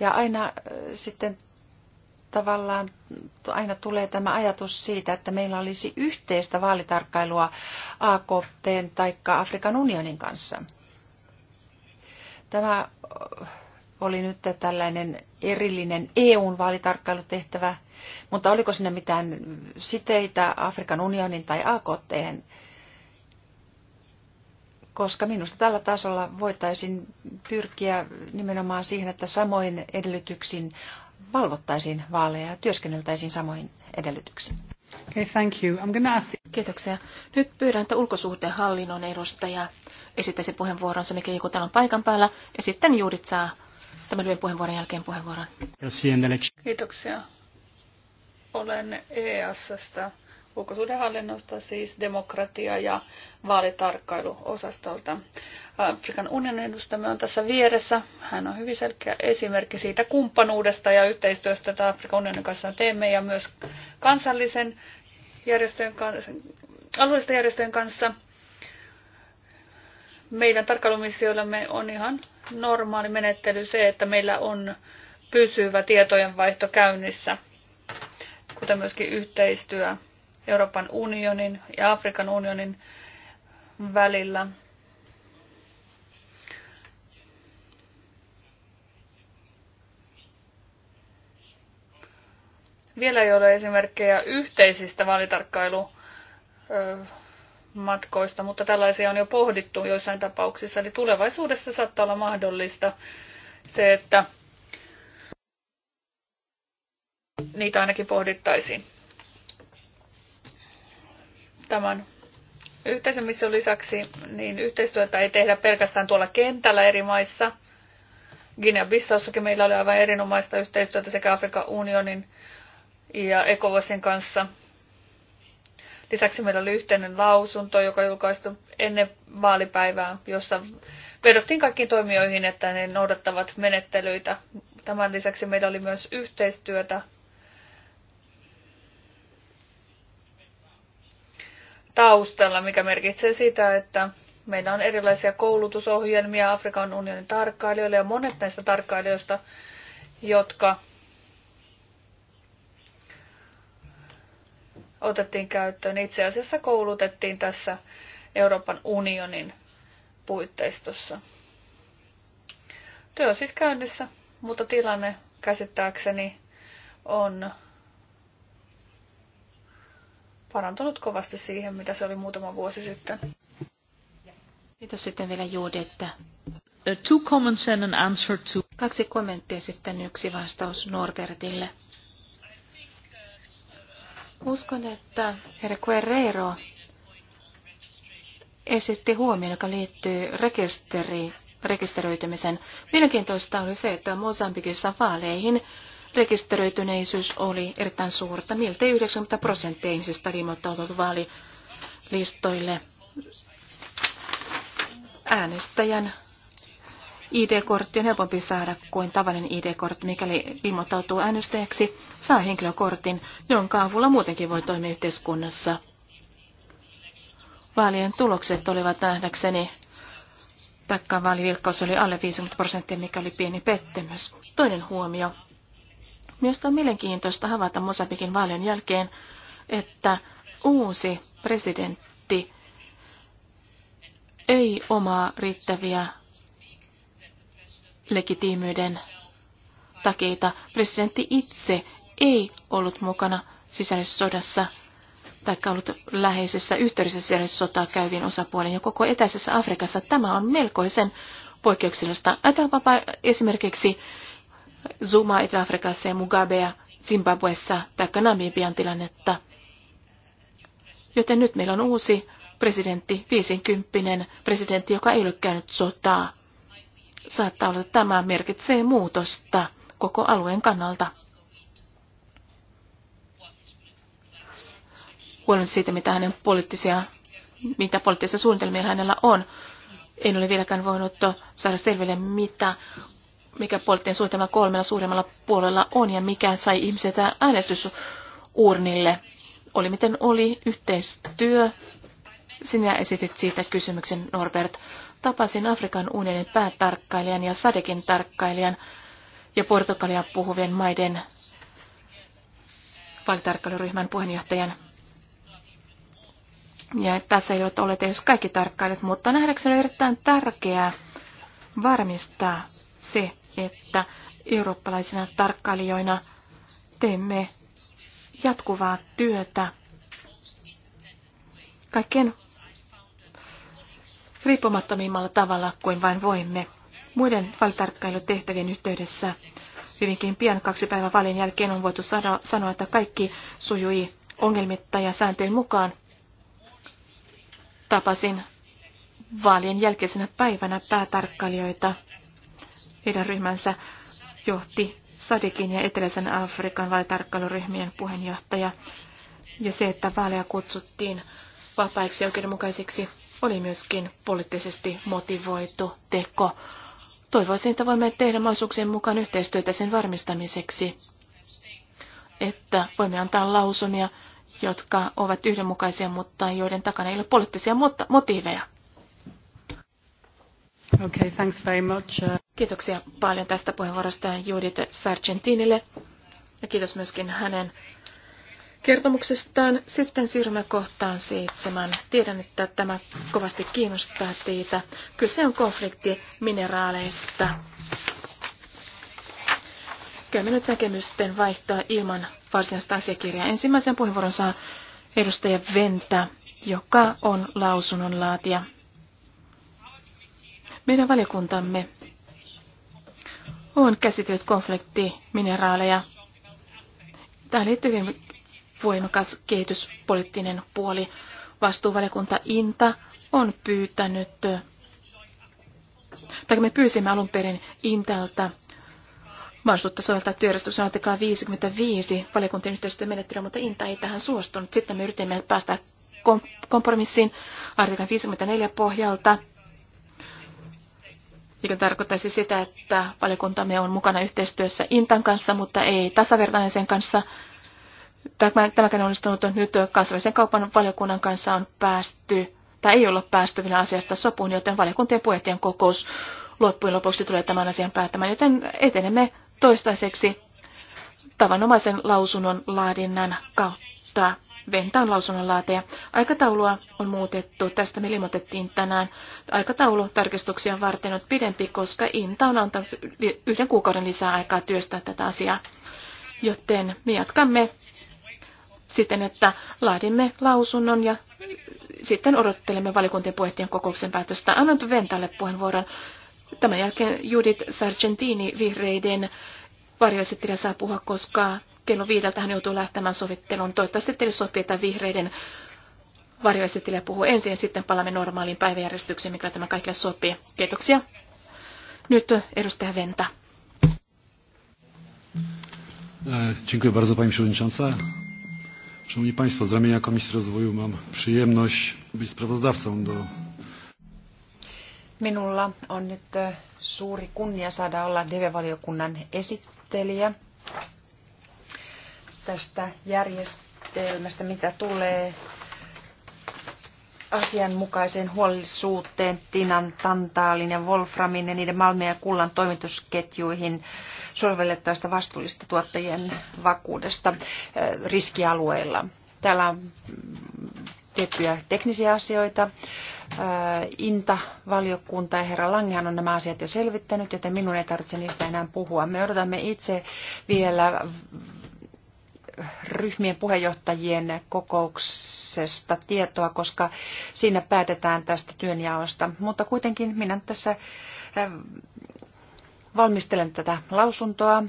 ja aina äh, sitten tavallaan aina tulee tämä ajatus siitä, että meillä olisi yhteistä vaalitarkkailua AKTn tai Afrikan unionin kanssa. Tämä äh, oli nyt tällainen erillinen EUn vaalitarkkailutehtävä, mutta oliko sinne mitään siteitä Afrikan unionin tai AKT? koska minusta tällä tasolla voitaisiin pyrkiä nimenomaan siihen, että samoin edellytyksin valvottaisiin vaaleja ja työskenneltäisiin samoin edellytyksin. Okay, thank you. I'm gonna ask... Kiitoksia. Nyt pyydän, että ulkosuhteen hallinnon edustaja esittäisi puheenvuoronsa, mikä joku täällä on paikan päällä, ja sitten juurit saa tämän lyhyen puheenvuoron jälkeen puheenvuoron. Kiitoksia. Olen eas EASsta ulkosuhdehallinnosta, siis demokratia- ja vaalitarkkailuosastolta. Afrikan unionin edustamme on tässä vieressä. Hän on hyvin selkeä esimerkki siitä kumppanuudesta ja yhteistyöstä, jota Afrikan unionin kanssa teemme ja myös kansallisen järjestöjen, alueellisten järjestöjen kanssa. Meidän tarkkailumissioillamme on ihan normaali menettely se, että meillä on pysyvä tietojenvaihto käynnissä, kuten myöskin yhteistyö Euroopan unionin ja Afrikan unionin välillä. Vielä ei ole esimerkkejä yhteisistä vaalitarkkailumatkoista, mutta tällaisia on jo pohdittu joissain tapauksissa. Eli tulevaisuudessa saattaa olla mahdollista se, että niitä ainakin pohdittaisiin tämän yhteisen lisäksi, niin yhteistyötä ei tehdä pelkästään tuolla kentällä eri maissa. Guinea-Bissaussa meillä oli aivan erinomaista yhteistyötä sekä Afrikan unionin ja ECOWASin kanssa. Lisäksi meillä oli yhteinen lausunto, joka julkaistu ennen vaalipäivää, jossa vedottiin kaikkiin toimijoihin, että ne noudattavat menettelyitä. Tämän lisäksi meillä oli myös yhteistyötä taustalla, mikä merkitsee sitä, että meillä on erilaisia koulutusohjelmia Afrikan unionin tarkkailijoille ja monet näistä tarkkailijoista, jotka otettiin käyttöön, itse asiassa koulutettiin tässä Euroopan unionin puitteistossa. Työ on siis käynnissä, mutta tilanne käsittääkseni on parantunut kovasti siihen, mitä se oli muutama vuosi sitten. Kiitos sitten vielä Juudi, että two comments and an answer to... Kaksi kommenttia sitten yksi vastaus Norbertille. Uskon, että herra Guerrero esitti huomioon, joka liittyy rekisteri, rekisteröitymisen. Mielenkiintoista oli se, että Mosambikissa vaaleihin rekisteröityneisyys oli erittäin suurta. Miltei 90 prosenttia ihmisistä oli ilmoittautunut vaalilistoille äänestäjän ID-kortti on helpompi saada kuin tavallinen ID-kortti, mikäli ilmoittautuu äänestäjäksi, saa henkilökortin, jonka avulla muutenkin voi toimia yhteiskunnassa. Vaalien tulokset olivat nähdäkseni, taikka vaalivilkkaus oli alle 50 prosenttia, mikä oli pieni pettymys. Toinen huomio. Minusta on mielenkiintoista havaita Mosambikin vaalien jälkeen, että uusi presidentti ei omaa riittäviä legitiimyyden takeita. Presidentti itse ei ollut mukana sisällissodassa tai ollut läheisessä yhteydessä sisällissotaa käyviin osapuolen ja koko etäisessä Afrikassa. Tämä on melkoisen poikkeuksellista. Ajatellaanpa esimerkiksi Zuma Etelä-Afrikassa ja Mugabea Zimbabwessa tai Namibian tilannetta. Joten nyt meillä on uusi presidentti, 50 presidentti, joka ei ole käynyt sotaa. Saattaa olla, että tämä merkitsee muutosta koko alueen kannalta. Huolen siitä, mitä hänen poliittisia, mitä poliittisia suunnitelmia hänellä on. En ole vieläkään voinut saada selville, mitä mikä poliittinen suunnitelma kolmella suuremmalla puolella on ja mikä sai ihmiset äänestysuurnille. Oli miten oli yhteistyö. Sinä esitit siitä kysymyksen, Norbert. Tapasin Afrikan unionin päätarkkailijan ja Sadekin tarkkailijan ja Portugalia puhuvien maiden vaalitarkkailuryhmän puheenjohtajan. Ja tässä ei ole edes kaikki tarkkailijat, mutta nähdäkseni on erittäin tärkeää varmistaa se, että eurooppalaisina tarkkailijoina teemme jatkuvaa työtä kaikkein riippumattomimmalla tavalla kuin vain voimme. Muiden vaalitarkkailutehtävien yhteydessä hyvinkin pian kaksi päivän vaalien jälkeen on voitu sanoa, että kaikki sujui ongelmitta ja sääntöjen mukaan. Tapasin vaalien jälkeisenä päivänä päätarkkailijoita heidän ryhmänsä johti Sadikin ja Eteläisen Afrikan vaalitarkkailuryhmien puheenjohtaja. Ja se, että vaaleja kutsuttiin vapaiksi ja oikeudenmukaisiksi, oli myöskin poliittisesti motivoitu teko. Toivoisin, että voimme tehdä mahdollisuuksien mukaan yhteistyötä sen varmistamiseksi, että voimme antaa lausumia, jotka ovat yhdenmukaisia, mutta joiden takana ei ole poliittisia motiiveja. Okay, thanks very much. Kiitoksia paljon tästä puheenvuorosta Judith Sargentinille ja kiitos myöskin hänen kertomuksestaan. Sitten siirrymme kohtaan seitsemän. Tiedän, että tämä kovasti kiinnostaa teitä. Kyse on mineraaleista. Käymme nyt näkemysten vaihtoa ilman varsinaista asiakirjaa. Ensimmäisen puheenvuoron saa edustaja Ventä, joka on lausunnonlaatija. Meidän valiokuntamme on käsitellyt konfliktimineraaleja. Tähän liittyy hyvin voimakas kehityspoliittinen puoli. Vastuuvaliokunta INTA on pyytänyt, tai me pyysimme alun perin INTAlta mahdollisuutta soveltaa työjärjestyksen artiklaa 55 valiokuntien yhteistyömenettelyä, mutta INTA ei tähän suostunut. Sitten me yritimme päästä kompromissiin artiklan 54 pohjalta mikä tarkoittaisi sitä, että valiokuntamme on mukana yhteistyössä Intan kanssa, mutta ei tasavertainen sen kanssa. Tämäkään onnistunut nyt kansainvälisen kaupan valiokunnan kanssa on päästy, tai ei olla päästy vielä asiasta sopuun, joten valiokuntien puheenjohtajan kokous loppujen lopuksi tulee tämän asian päättämään, joten etenemme toistaiseksi tavanomaisen lausunnon laadinnan kautta. Ventaan lausunnonlaateja. Aikataulua on muutettu. Tästä me ilmoitettiin tänään. Aikataulu tarkistuksia varten on pidempi, koska Inta on antanut yhden kuukauden lisää aikaa työstää tätä asiaa. Joten me jatkamme siten, että laadimme lausunnon ja sitten odottelemme valikuntien puheenjohtajan kokouksen päätöstä. Annan Ventalle puheenvuoron. Tämän jälkeen Judith Sargentini vihreiden varjoesittelijä saa puhua, koska kello viideltä hän joutuu lähtemään sovitteluun. Toivottavasti teille sopii, että vihreiden varjoesittelijä puhuu ensin ja sitten palaamme normaaliin päiväjärjestykseen, mikä tämä kaikille sopii. Kiitoksia. Nyt edustaja Venta. E, dziękuję bardzo Pani Przewodnicząca. Szanowni Państwo, z ramienia Komisji Rozwoju mam przyjemność być sprawozdawcą do... Minulla on nyt e, suuri kunnia saada olla DEVE-valiokunnan esittelijä tästä järjestelmästä, mitä tulee asianmukaiseen huolellisuuteen tinan, tantaalin ja wolframin ja niiden malmien ja kullan toimitusketjuihin sovellettaista vastuullista tuottajien vakuudesta äh, riskialueilla. Täällä on tiettyjä teknisiä asioita. Äh, Inta-valiokunta ja herra Langehan on nämä asiat jo selvittänyt, joten minun ei tarvitse niistä enää puhua. Me odotamme itse vielä ryhmien puheenjohtajien kokouksesta tietoa, koska siinä päätetään tästä työnjaosta. Mutta kuitenkin minä tässä äh, valmistelen tätä lausuntoa.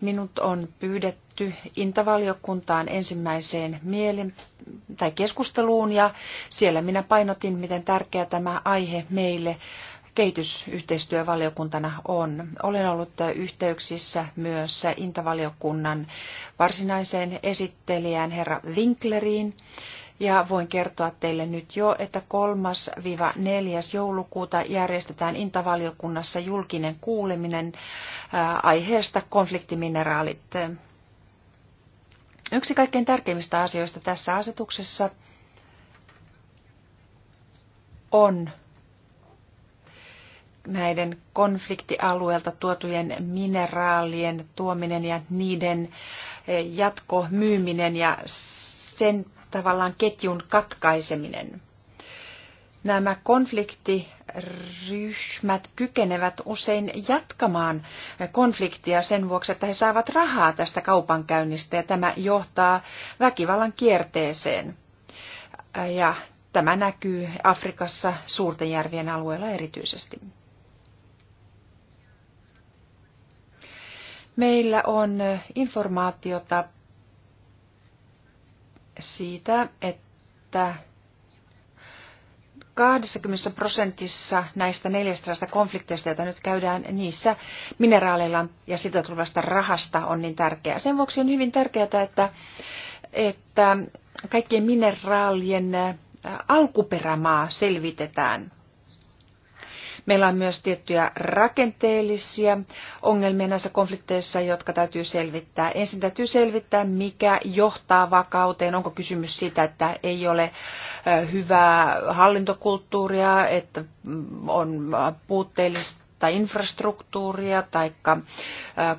Minut on pyydetty intavaliokuntaan ensimmäiseen mielen, tai keskusteluun ja siellä minä painotin, miten tärkeä tämä aihe meille kehitysyhteistyövaliokuntana on. Olen ollut yhteyksissä myös Intavaliokunnan varsinaiseen esittelijään herra Winkleriin. Ja voin kertoa teille nyt jo, että 3-4. joulukuuta järjestetään Intavaliokunnassa julkinen kuuleminen äh, aiheesta konfliktimineraalit. Yksi kaikkein tärkeimmistä asioista tässä asetuksessa on näiden konfliktialueelta tuotujen mineraalien tuominen ja niiden e, myyminen ja sen tavallaan ketjun katkaiseminen. Nämä konfliktiryhmät kykenevät usein jatkamaan konfliktia sen vuoksi, että he saavat rahaa tästä kaupankäynnistä ja tämä johtaa väkivallan kierteeseen. Ja tämä näkyy Afrikassa suurten järvien alueella erityisesti. Meillä on informaatiota siitä, että 20 prosentissa näistä 400 konflikteista, joita nyt käydään, niissä mineraaleilla ja sitä tulevasta rahasta on niin tärkeää. Sen vuoksi on hyvin tärkeää, että, että kaikkien mineraalien alkuperämaa selvitetään. Meillä on myös tiettyjä rakenteellisia ongelmia näissä konflikteissa, jotka täytyy selvittää. Ensin täytyy selvittää, mikä johtaa vakauteen. Onko kysymys siitä, että ei ole hyvää hallintokulttuuria, että mm, on puutteellista tai infrastruktuuria tai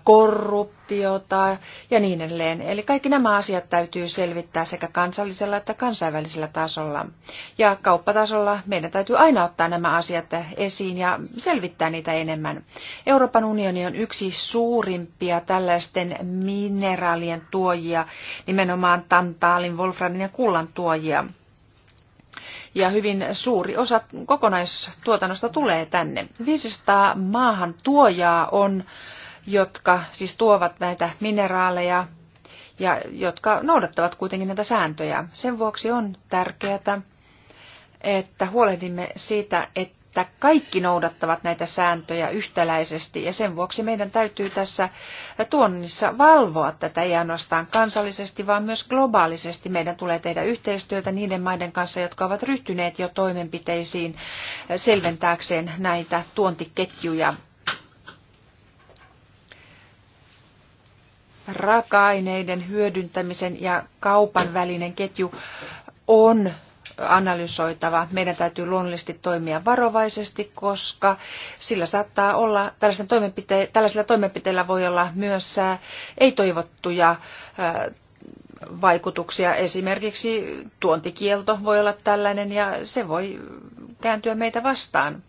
korruptiota ja niin edelleen. Eli kaikki nämä asiat täytyy selvittää sekä kansallisella että kansainvälisellä tasolla. Ja kauppatasolla meidän täytyy aina ottaa nämä asiat esiin ja selvittää niitä enemmän. Euroopan unioni on yksi suurimpia tällaisten mineraalien tuojia, nimenomaan tantaalin, wolframin ja kullan tuojia ja hyvin suuri osa kokonaistuotannosta tulee tänne. 500 maahan tuojaa on, jotka siis tuovat näitä mineraaleja ja jotka noudattavat kuitenkin näitä sääntöjä. Sen vuoksi on tärkeää, että huolehdimme siitä, että että kaikki noudattavat näitä sääntöjä yhtäläisesti ja sen vuoksi meidän täytyy tässä tuonnissa valvoa tätä ei ainoastaan kansallisesti, vaan myös globaalisesti. Meidän tulee tehdä yhteistyötä niiden maiden kanssa, jotka ovat ryhtyneet jo toimenpiteisiin selventääkseen näitä tuontiketjuja. Raaka-aineiden hyödyntämisen ja kaupan välinen ketju on analysoitava. Meidän täytyy luonnollisesti toimia varovaisesti, koska sillä saattaa olla, toimenpite- tällaisilla toimenpiteillä voi olla myös ei-toivottuja vaikutuksia. Esimerkiksi tuontikielto voi olla tällainen ja se voi kääntyä meitä vastaan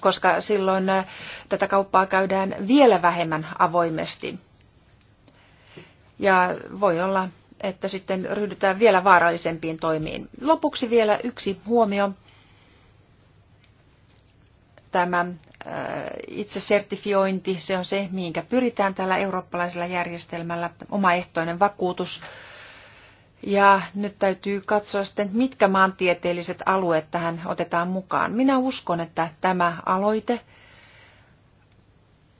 koska silloin tätä kauppaa käydään vielä vähemmän avoimesti. Ja voi olla että sitten ryhdytään vielä vaarallisempiin toimiin. Lopuksi vielä yksi huomio. Tämä äh, itse sertifiointi, se on se, mihinkä pyritään tällä eurooppalaisella järjestelmällä, omaehtoinen vakuutus. Ja nyt täytyy katsoa sitten, mitkä maantieteelliset alueet tähän otetaan mukaan. Minä uskon, että tämä aloite,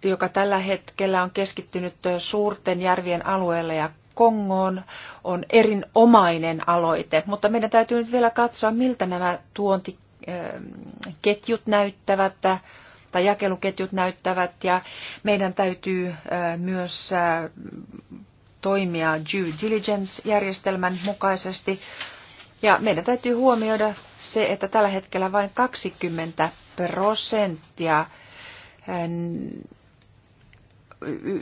joka tällä hetkellä on keskittynyt suurten järvien alueelle ja Kongoon on erinomainen aloite, mutta meidän täytyy nyt vielä katsoa, miltä nämä tuontiketjut ähm, näyttävät äh, tai jakeluketjut näyttävät ja meidän täytyy äh, myös äh, toimia due diligence-järjestelmän mukaisesti. Ja meidän täytyy huomioida se, että tällä hetkellä vain 20 prosenttia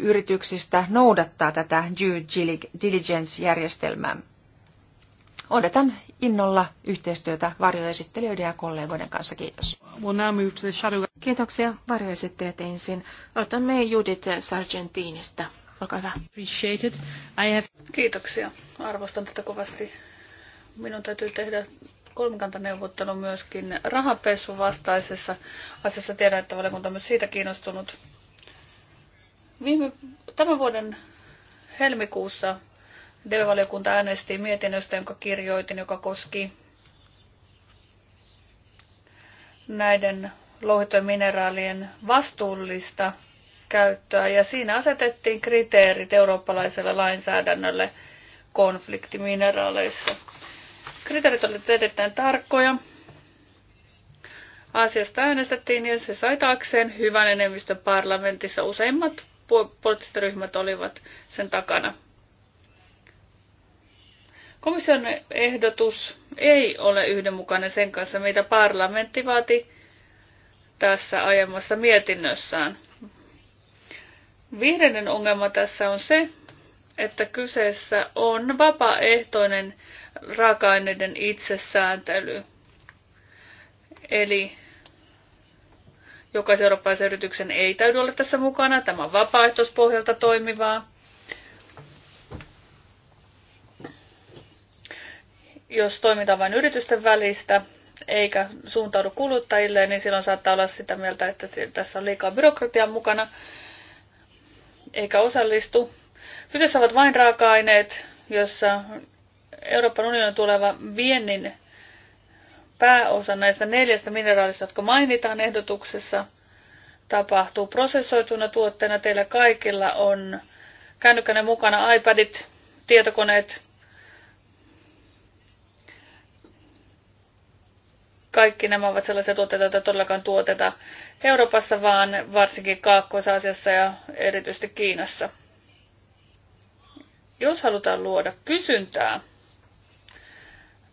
yrityksistä noudattaa tätä due diligence-järjestelmää. Odotan innolla yhteistyötä varjoesittelijöiden ja kollegoiden kanssa. Kiitos. Kiitoksia varjoesittelijät ensin. Otamme Judith Sargentinista. Olkaa hyvä. Appreciated. I have... Kiitoksia. Arvostan tätä kovasti. Minun täytyy tehdä kolmikantaneuvottelu myöskin rahapesuvastaisessa asiassa. Tiedän, että valiokunta on myös siitä kiinnostunut. Viime, tämän vuoden helmikuussa DV-valiokunta äänesti mietinnöstä, jonka kirjoitin, joka koski näiden louhittujen mineraalien vastuullista käyttöä. Ja siinä asetettiin kriteerit eurooppalaiselle lainsäädännölle konfliktimineraaleissa. Kriteerit olivat erittäin tarkkoja. Asiasta äänestettiin ja se sai taakseen hyvän enemmistön parlamentissa. Useimmat poliittiset ryhmät olivat sen takana. Komission ehdotus ei ole yhdenmukainen sen kanssa, mitä parlamentti vaati tässä aiemmassa mietinnössään. Vihreinen ongelma tässä on se, että kyseessä on vapaaehtoinen raaka-aineiden itsesääntely. Eli Jokaisen eurooppalaisen yrityksen ei täydy olla tässä mukana. Tämä on vapaaehtoispohjalta toimivaa. Jos on vain yritysten välistä eikä suuntaudu kuluttajille, niin silloin saattaa olla sitä mieltä, että tässä on liikaa byrokratiaa mukana eikä osallistu. Kyseessä ovat vain raaka-aineet, jossa Euroopan unionin tuleva viennin pääosa näistä neljästä mineraalista, jotka mainitaan ehdotuksessa, tapahtuu prosessoituna tuotteena. Teillä kaikilla on kännykkänä mukana iPadit, tietokoneet, kaikki nämä ovat sellaisia tuotteita, joita todellakaan tuoteta Euroopassa, vaan varsinkin Kaakkois-Aasiassa ja erityisesti Kiinassa. Jos halutaan luoda kysyntää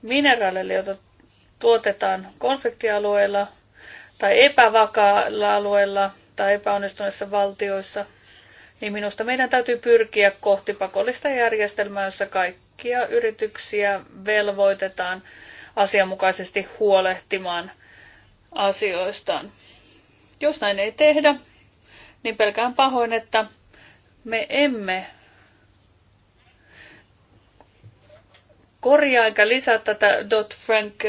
mineraaleille, joita tuotetaan konfliktialueilla tai epävakaalla alueella tai epäonnistuneissa valtioissa, niin minusta meidän täytyy pyrkiä kohti pakollista järjestelmää, jossa kaikkia yrityksiä velvoitetaan asianmukaisesti huolehtimaan asioistaan. Jos näin ei tehdä, niin pelkään pahoin, että me emme korjaa eikä lisää tätä dot frank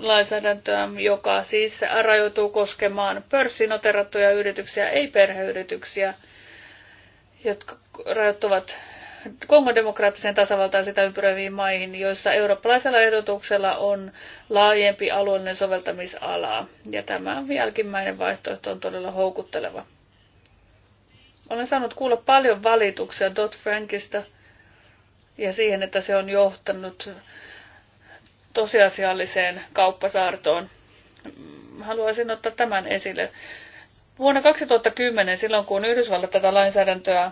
lainsäädäntöä, joka siis rajoituu koskemaan pörssinoterattuja yrityksiä, ei perheyrityksiä, jotka rajoittuvat Kongon demokraattiseen tasavaltaan sitä ympäröiviin maihin, joissa eurooppalaisella ehdotuksella on laajempi alueellinen soveltamisala. Ja tämä jälkimmäinen vaihtoehto on todella houkutteleva. Olen saanut kuulla paljon valituksia Dot frankista ja siihen, että se on johtanut tosiasialliseen kauppasaartoon. Haluaisin ottaa tämän esille. Vuonna 2010, silloin kun Yhdysvallat tätä lainsäädäntöä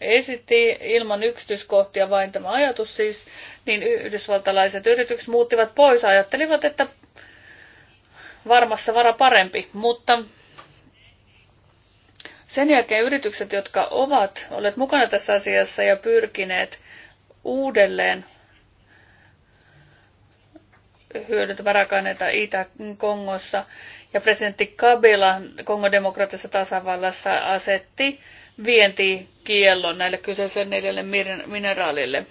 esitti ilman yksityiskohtia vain tämä ajatus siis, niin yhdysvaltalaiset yritykset muuttivat pois. Ajattelivat, että varmassa vara parempi, mutta sen jälkeen yritykset, jotka ovat olleet mukana tässä asiassa ja pyrkineet uudelleen hyödyntävä rakenneita Itä-Kongossa. Ja presidentti Kabila Kongon demokraattisessa tasavallassa asetti vientikiellon näille kyseisille neljälle mineraalille.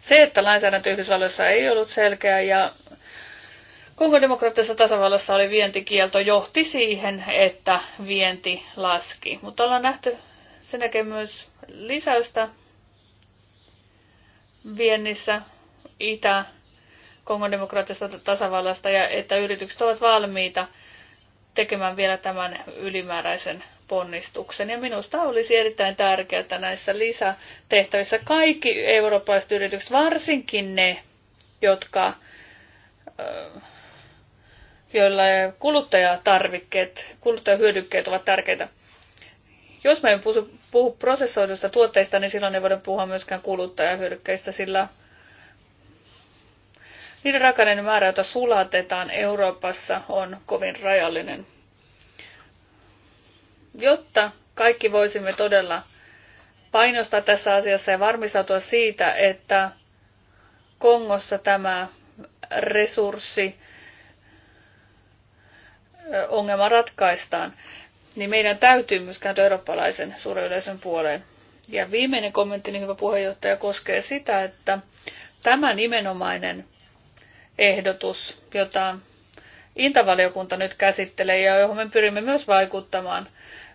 Se, että lainsäädäntö Yhdysvalloissa ei ollut selkeä ja Kongon demokraattisessa tasavallassa oli vientikielto, johti siihen, että vienti laski. Mutta ollaan nähty sen näkee myös lisäystä viennissä Itä- Kongon demokraattisesta tasavallasta ja että yritykset ovat valmiita tekemään vielä tämän ylimääräisen ponnistuksen. Ja minusta olisi erittäin tärkeää että näissä lisätehtävissä kaikki eurooppalaiset yritykset, varsinkin ne, jotka, joilla kuluttajatarvikkeet, kuluttajahyödykkeet ovat tärkeitä. Jos me emme puhu prosessoidusta tuotteista, niin silloin ei voida puhua myöskään kuluttajahyödykkeistä, sillä niiden rakainen määrä, jota sulatetaan Euroopassa, on kovin rajallinen. Jotta kaikki voisimme todella painostaa tässä asiassa ja varmistautua siitä, että Kongossa tämä resurssi ongelma ratkaistaan, niin meidän täytyy myös kääntyä eurooppalaisen suuren yleisön puoleen. Ja viimeinen kommentti, niin hyvä puheenjohtaja, koskee sitä, että tämä nimenomainen ehdotus, jota Intavaliokunta nyt käsittelee ja johon me pyrimme myös vaikuttamaan,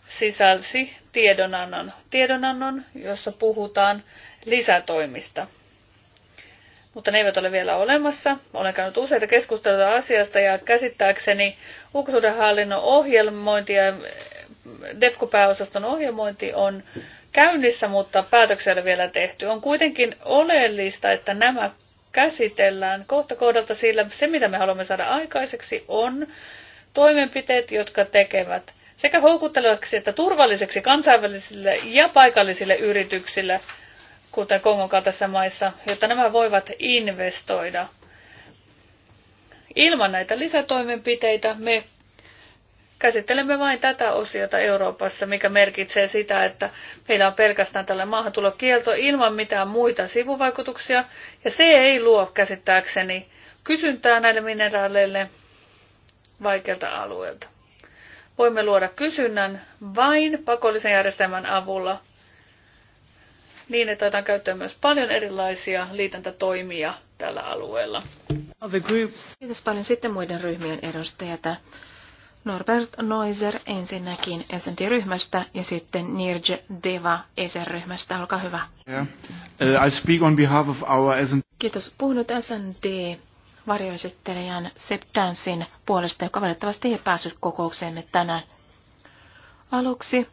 sisälsi tiedonannon, tiedonannon jossa puhutaan lisätoimista. Mutta ne eivät ole vielä olemassa. Olen käynyt useita keskusteluja asiasta ja käsittääkseni ulkosuudenhallinnon ohjelmointi ja DEFCO-pääosaston ohjelmointi on käynnissä, mutta päätöksiä ei ole vielä tehty. On kuitenkin oleellista, että nämä käsitellään kohta kohdalta, sillä se mitä me haluamme saada aikaiseksi on toimenpiteet, jotka tekevät sekä houkuttelevaksi että turvalliseksi kansainvälisille ja paikallisille yrityksille, kuten Kongon kaltaisissa maissa, jotta nämä voivat investoida. Ilman näitä lisätoimenpiteitä me Käsittelemme vain tätä osiota Euroopassa, mikä merkitsee sitä, että meillä on pelkästään tällainen maahantulokielto ilman mitään muita sivuvaikutuksia, ja se ei luo käsittääkseni kysyntää näille mineraaleille vaikeilta alueilta. Voimme luoda kysynnän vain pakollisen järjestelmän avulla niin, että otetaan käyttöön myös paljon erilaisia liitäntätoimia tällä alueella. Kiitos paljon sitten muiden ryhmien edustajata. Norbert Noiser ensinnäkin SNT-ryhmästä ja sitten Nirje Deva ESR-ryhmästä. Olkaa hyvä. Yeah. Uh, I speak on behalf of our SNT. Kiitos. Puhun nyt SNT varjoesittelijän Sepp Dansin puolesta, joka valitettavasti ei päässyt kokoukseemme tänään. Aluksi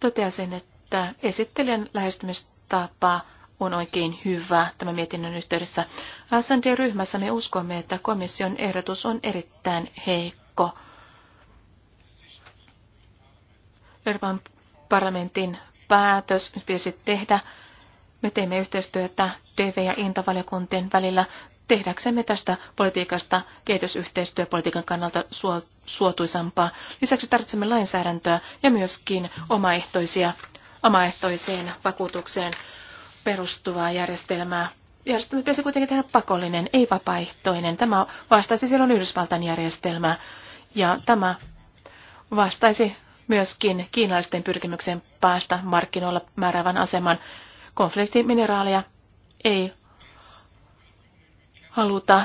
toteaisin, että esittelijän lähestymistapa on oikein hyvä tämän mietinnön yhteydessä. SND-ryhmässä me uskomme, että komission ehdotus on erittäin heikko. Euroopan parlamentin päätös nyt pitäisi tehdä. Me teemme yhteistyötä TV- ja Intavaliokuntien välillä tehdäksemme tästä politiikasta kehitysyhteistyöpolitiikan kannalta suotuisampaa. Lisäksi tarvitsemme lainsäädäntöä ja myöskin omaehtoisia, omaehtoiseen vakuutukseen perustuvaa järjestelmää. Järjestelmä pitäisi kuitenkin tehdä pakollinen, ei vapaaehtoinen. Tämä vastaisi silloin Yhdysvaltain järjestelmää ja tämä vastaisi myöskin kiinalaisten pyrkimyksen päästä markkinoilla määräävän aseman. Konfliktimineraaleja ei haluta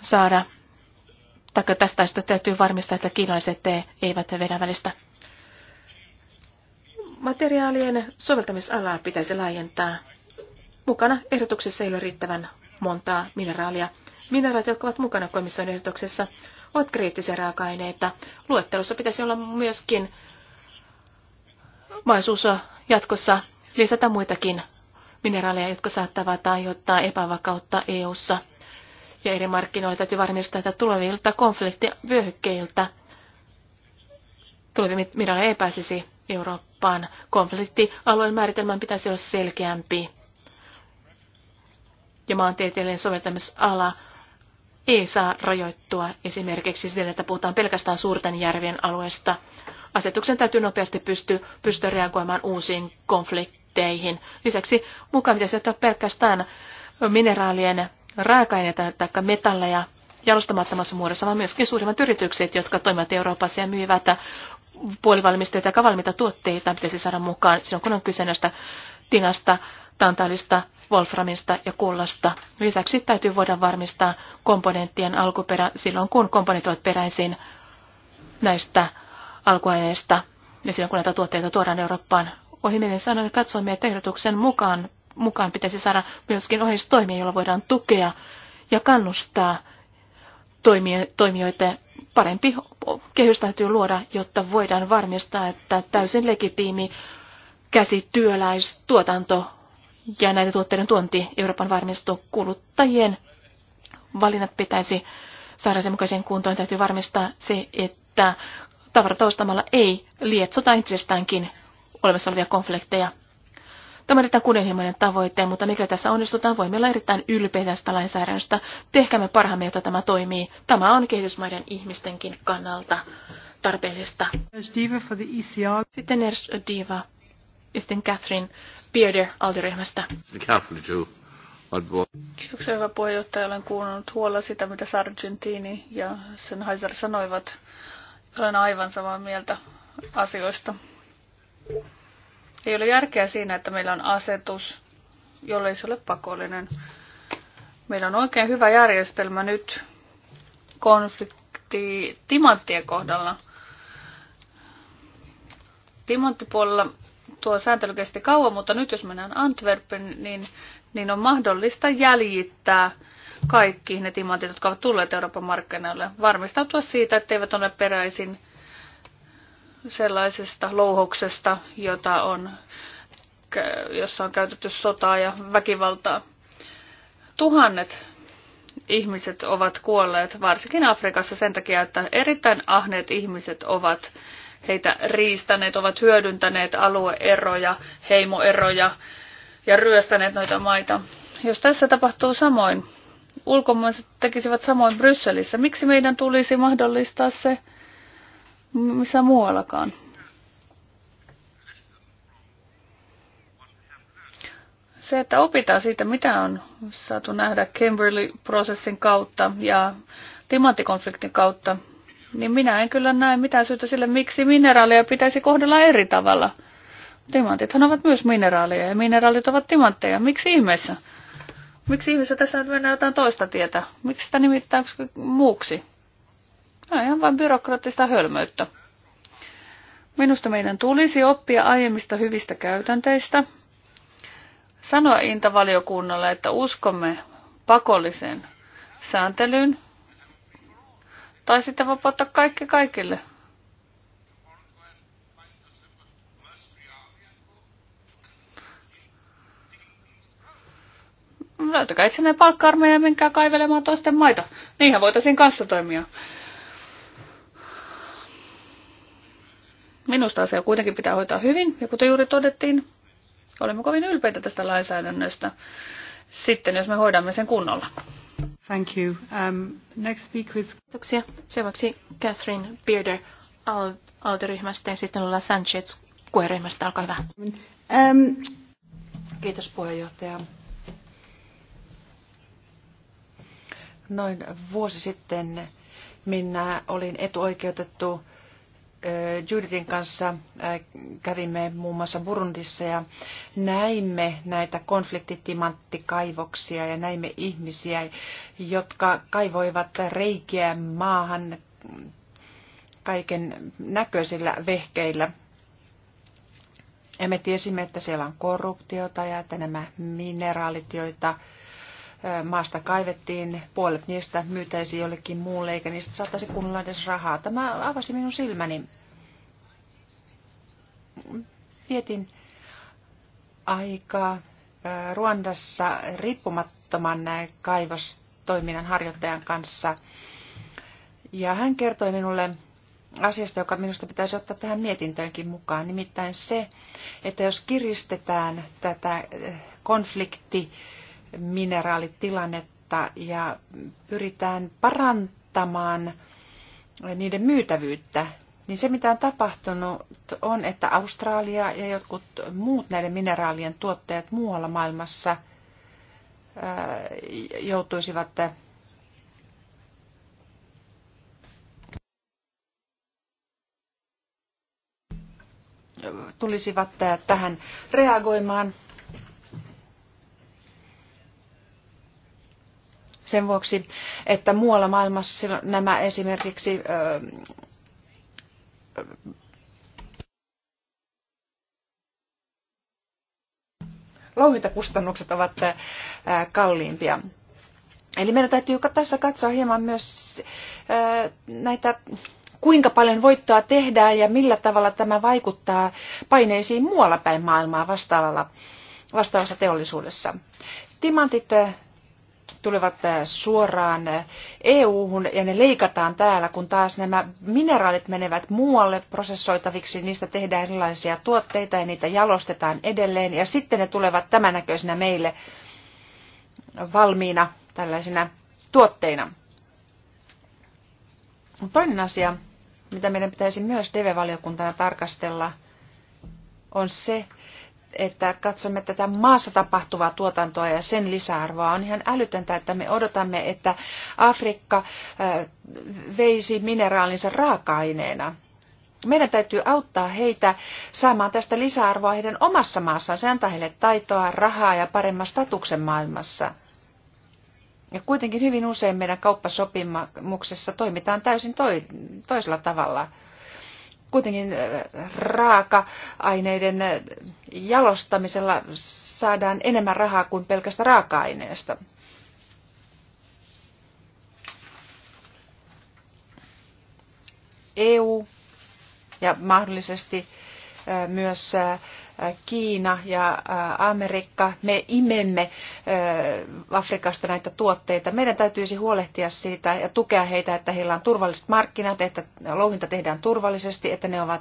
saada, taikka tästä täytyy varmistaa, että kiinalaiset eivät vedä välistä. Materiaalien soveltamisalaa pitäisi laajentaa. Mukana ehdotuksessa ei ole riittävän montaa mineraalia. Mineraalit, jotka ovat mukana komission ehdotuksessa, ovat kriittisiä raaka-aineita. Luettelossa pitäisi olla myöskin mahdollisuus jatkossa lisätä muitakin mineraaleja, jotka saattavat aiheuttaa epävakautta EU:ssa ja eri markkinoilla täytyy varmistaa, että tulevilta konfliktivyöhykkeiltä tulevi mineraaleja ei pääsisi Eurooppaan. Konfliktialueen määritelmän pitäisi olla selkeämpi ja maantieteellinen soveltamisala ei saa rajoittua esimerkiksi vielä, että puhutaan pelkästään suurten järvien alueesta. Asetuksen täytyy nopeasti pystyä, pystyä reagoimaan uusiin konflikteihin. Lisäksi mukaan pitäisi ottaa pelkästään mineraalien raaka-aineita tai metalleja jalostamattomassa muodossa, vaan myöskin suurimmat yritykset, jotka toimivat Euroopassa ja myyvät puolivalmisteita ja valmiita tuotteita, pitäisi saada mukaan silloin, kun on kyse näistä tinasta, tantalista wolframista ja kullasta. Lisäksi täytyy voida varmistaa komponenttien alkuperä silloin, kun komponentit ovat peräisin näistä alkuaineista ja silloin, kun näitä tuotteita tuodaan Eurooppaan. Ohiminen sanoen katsoimme, että ehdotuksen mukaan, mukaan pitäisi saada myöskin ohjeistoimia, joilla voidaan tukea ja kannustaa toimijoita parempi kehys täytyy luoda, jotta voidaan varmistaa, että täysin legitiimi käsityöläistuotanto ja näiden tuotteiden tuonti Euroopan varmistuu kuluttajien valinnat pitäisi saada sen mukaiseen kuntoon. Täytyy varmistaa se, että tavarat ostamalla ei lietsota entisestäänkin olemassa olevia konflikteja. Tämä on erittäin kunnianhimoinen tavoite, mutta mikä tässä onnistutaan, voimme olla erittäin ylpeitä tästä lainsäädännöstä. Tehkäämme parhaamme, jotta tämä toimii. Tämä on kehitysmaiden ihmistenkin kannalta tarpeellista. E sitten Ernst Diva ja sitten Catherine Bearder altiryhmästä. Kiitoksia hyvä puheenjohtaja. Olen kuunnellut huolella sitä, mitä Sargentini ja sen sanoivat. Olen aivan samaa mieltä asioista. Ei ole järkeä siinä, että meillä on asetus, jollei se ole pakollinen. Meillä on oikein hyvä järjestelmä nyt konflikti timanttien kohdalla. Timanttipuolella tuo sääntely kesti kauan, mutta nyt jos mennään Antwerpen, niin, niin on mahdollista jäljittää kaikki ne timantit, jotka ovat tulleet Euroopan markkinoille. Varmistautua siitä, että eivät ole peräisin sellaisesta louhoksesta, jota on, jossa on käytetty sotaa ja väkivaltaa. Tuhannet ihmiset ovat kuolleet, varsinkin Afrikassa sen takia, että erittäin ahneet ihmiset ovat heitä riistäneet, ovat hyödyntäneet alueeroja, heimoeroja ja ryöstäneet noita maita. Jos tässä tapahtuu samoin, ulkomaiset tekisivät samoin Brysselissä, miksi meidän tulisi mahdollistaa se missä muuallakaan? se, että opitaan siitä, mitä on saatu nähdä Kimberley-prosessin kautta ja timanttikonfliktin kautta, niin minä en kyllä näe mitään syytä sille, miksi mineraaleja pitäisi kohdella eri tavalla. Timantithan ovat myös mineraaleja ja mineraalit ovat timantteja. Miksi ihmeessä? Miksi ihmeessä tässä nyt mennään jotain toista tietä? Miksi sitä nimittäin muuksi? No, ihan vain byrokraattista hölmöyttä. Minusta meidän tulisi oppia aiemmista hyvistä käytänteistä, sanoa intavaliokunnalle, että uskomme pakolliseen sääntelyyn, tai sitten vapauttaa kaikki kaikille. löytäkää itselleen palkka ja menkää kaivelemaan toisten maita. Niinhän voitaisiin kanssa toimia. Minusta asia kuitenkin pitää hoitaa hyvin, ja kuten juuri todettiin, olemme kovin ylpeitä tästä lainsäädännöstä sitten, jos me hoidamme sen kunnolla. Thank you. Um, next speaker is... Kiitoksia. Seuraavaksi Catherine Bearder ALDE-ryhmästä ja sitten Lola Sanchez kueryhmästä. Olkaa hyvä. Um, Kiitos puheenjohtaja. Noin vuosi sitten minä olin etuoikeutettu Judithin kanssa kävimme muun muassa Burundissa ja näimme näitä konfliktitimanttikaivoksia ja näimme ihmisiä, jotka kaivoivat reikiä maahan kaiken näköisillä vehkeillä. Ja me tiesimme, että siellä on korruptiota ja että nämä mineraalit, joita maasta kaivettiin, puolet niistä myytäisiin jollekin muulle, eikä niistä saattaisi kunnolla edes rahaa. Tämä avasi minun silmäni. Vietin aikaa Ruandassa riippumattoman kaivostoiminnan harjoittajan kanssa. Ja hän kertoi minulle asiasta, joka minusta pitäisi ottaa tähän mietintöönkin mukaan, nimittäin se, että jos kiristetään tätä konflikti mineraalitilannetta ja pyritään parantamaan niiden myytävyyttä, niin se mitä on tapahtunut on, että Australia ja jotkut muut näiden mineraalien tuottajat muualla maailmassa joutuisivat tulisivat tähän reagoimaan sen vuoksi, että muualla maailmassa nämä esimerkiksi louhintakustannukset ovat kalliimpia. Eli meidän täytyy tässä katsoa hieman myös näitä, kuinka paljon voittoa tehdään ja millä tavalla tämä vaikuttaa paineisiin muualla päin maailmaa vastaavalla, vastaavassa teollisuudessa. Timantit tulevat äh, suoraan äh, EU-hun ja ne leikataan täällä, kun taas nämä mineraalit menevät muualle prosessoitaviksi, niistä tehdään erilaisia tuotteita ja niitä jalostetaan edelleen ja sitten ne tulevat tämän näköisinä meille valmiina tällaisina tuotteina. Toinen asia, mitä meidän pitäisi myös deve valiokuntana tarkastella, on se, että katsomme tätä maassa tapahtuvaa tuotantoa ja sen lisäarvoa. On ihan älytöntä, että me odotamme, että Afrikka veisi mineraalinsa raaka-aineena. Meidän täytyy auttaa heitä saamaan tästä lisäarvoa heidän omassa maassaan. Se antaa heille taitoa, rahaa ja paremman statuksen maailmassa. Ja kuitenkin hyvin usein meidän kauppasopimuksessa toimitaan täysin toi, toisella tavalla – kuitenkin äh, raaka-aineiden äh, jalostamisella saadaan enemmän rahaa kuin pelkästä raaka-aineesta. EU ja mahdollisesti äh, myös Kiina ja Amerikka, me imemme Afrikasta näitä tuotteita. Meidän täytyisi huolehtia siitä ja tukea heitä, että heillä on turvalliset markkinat, että louhinta tehdään turvallisesti, että ne ovat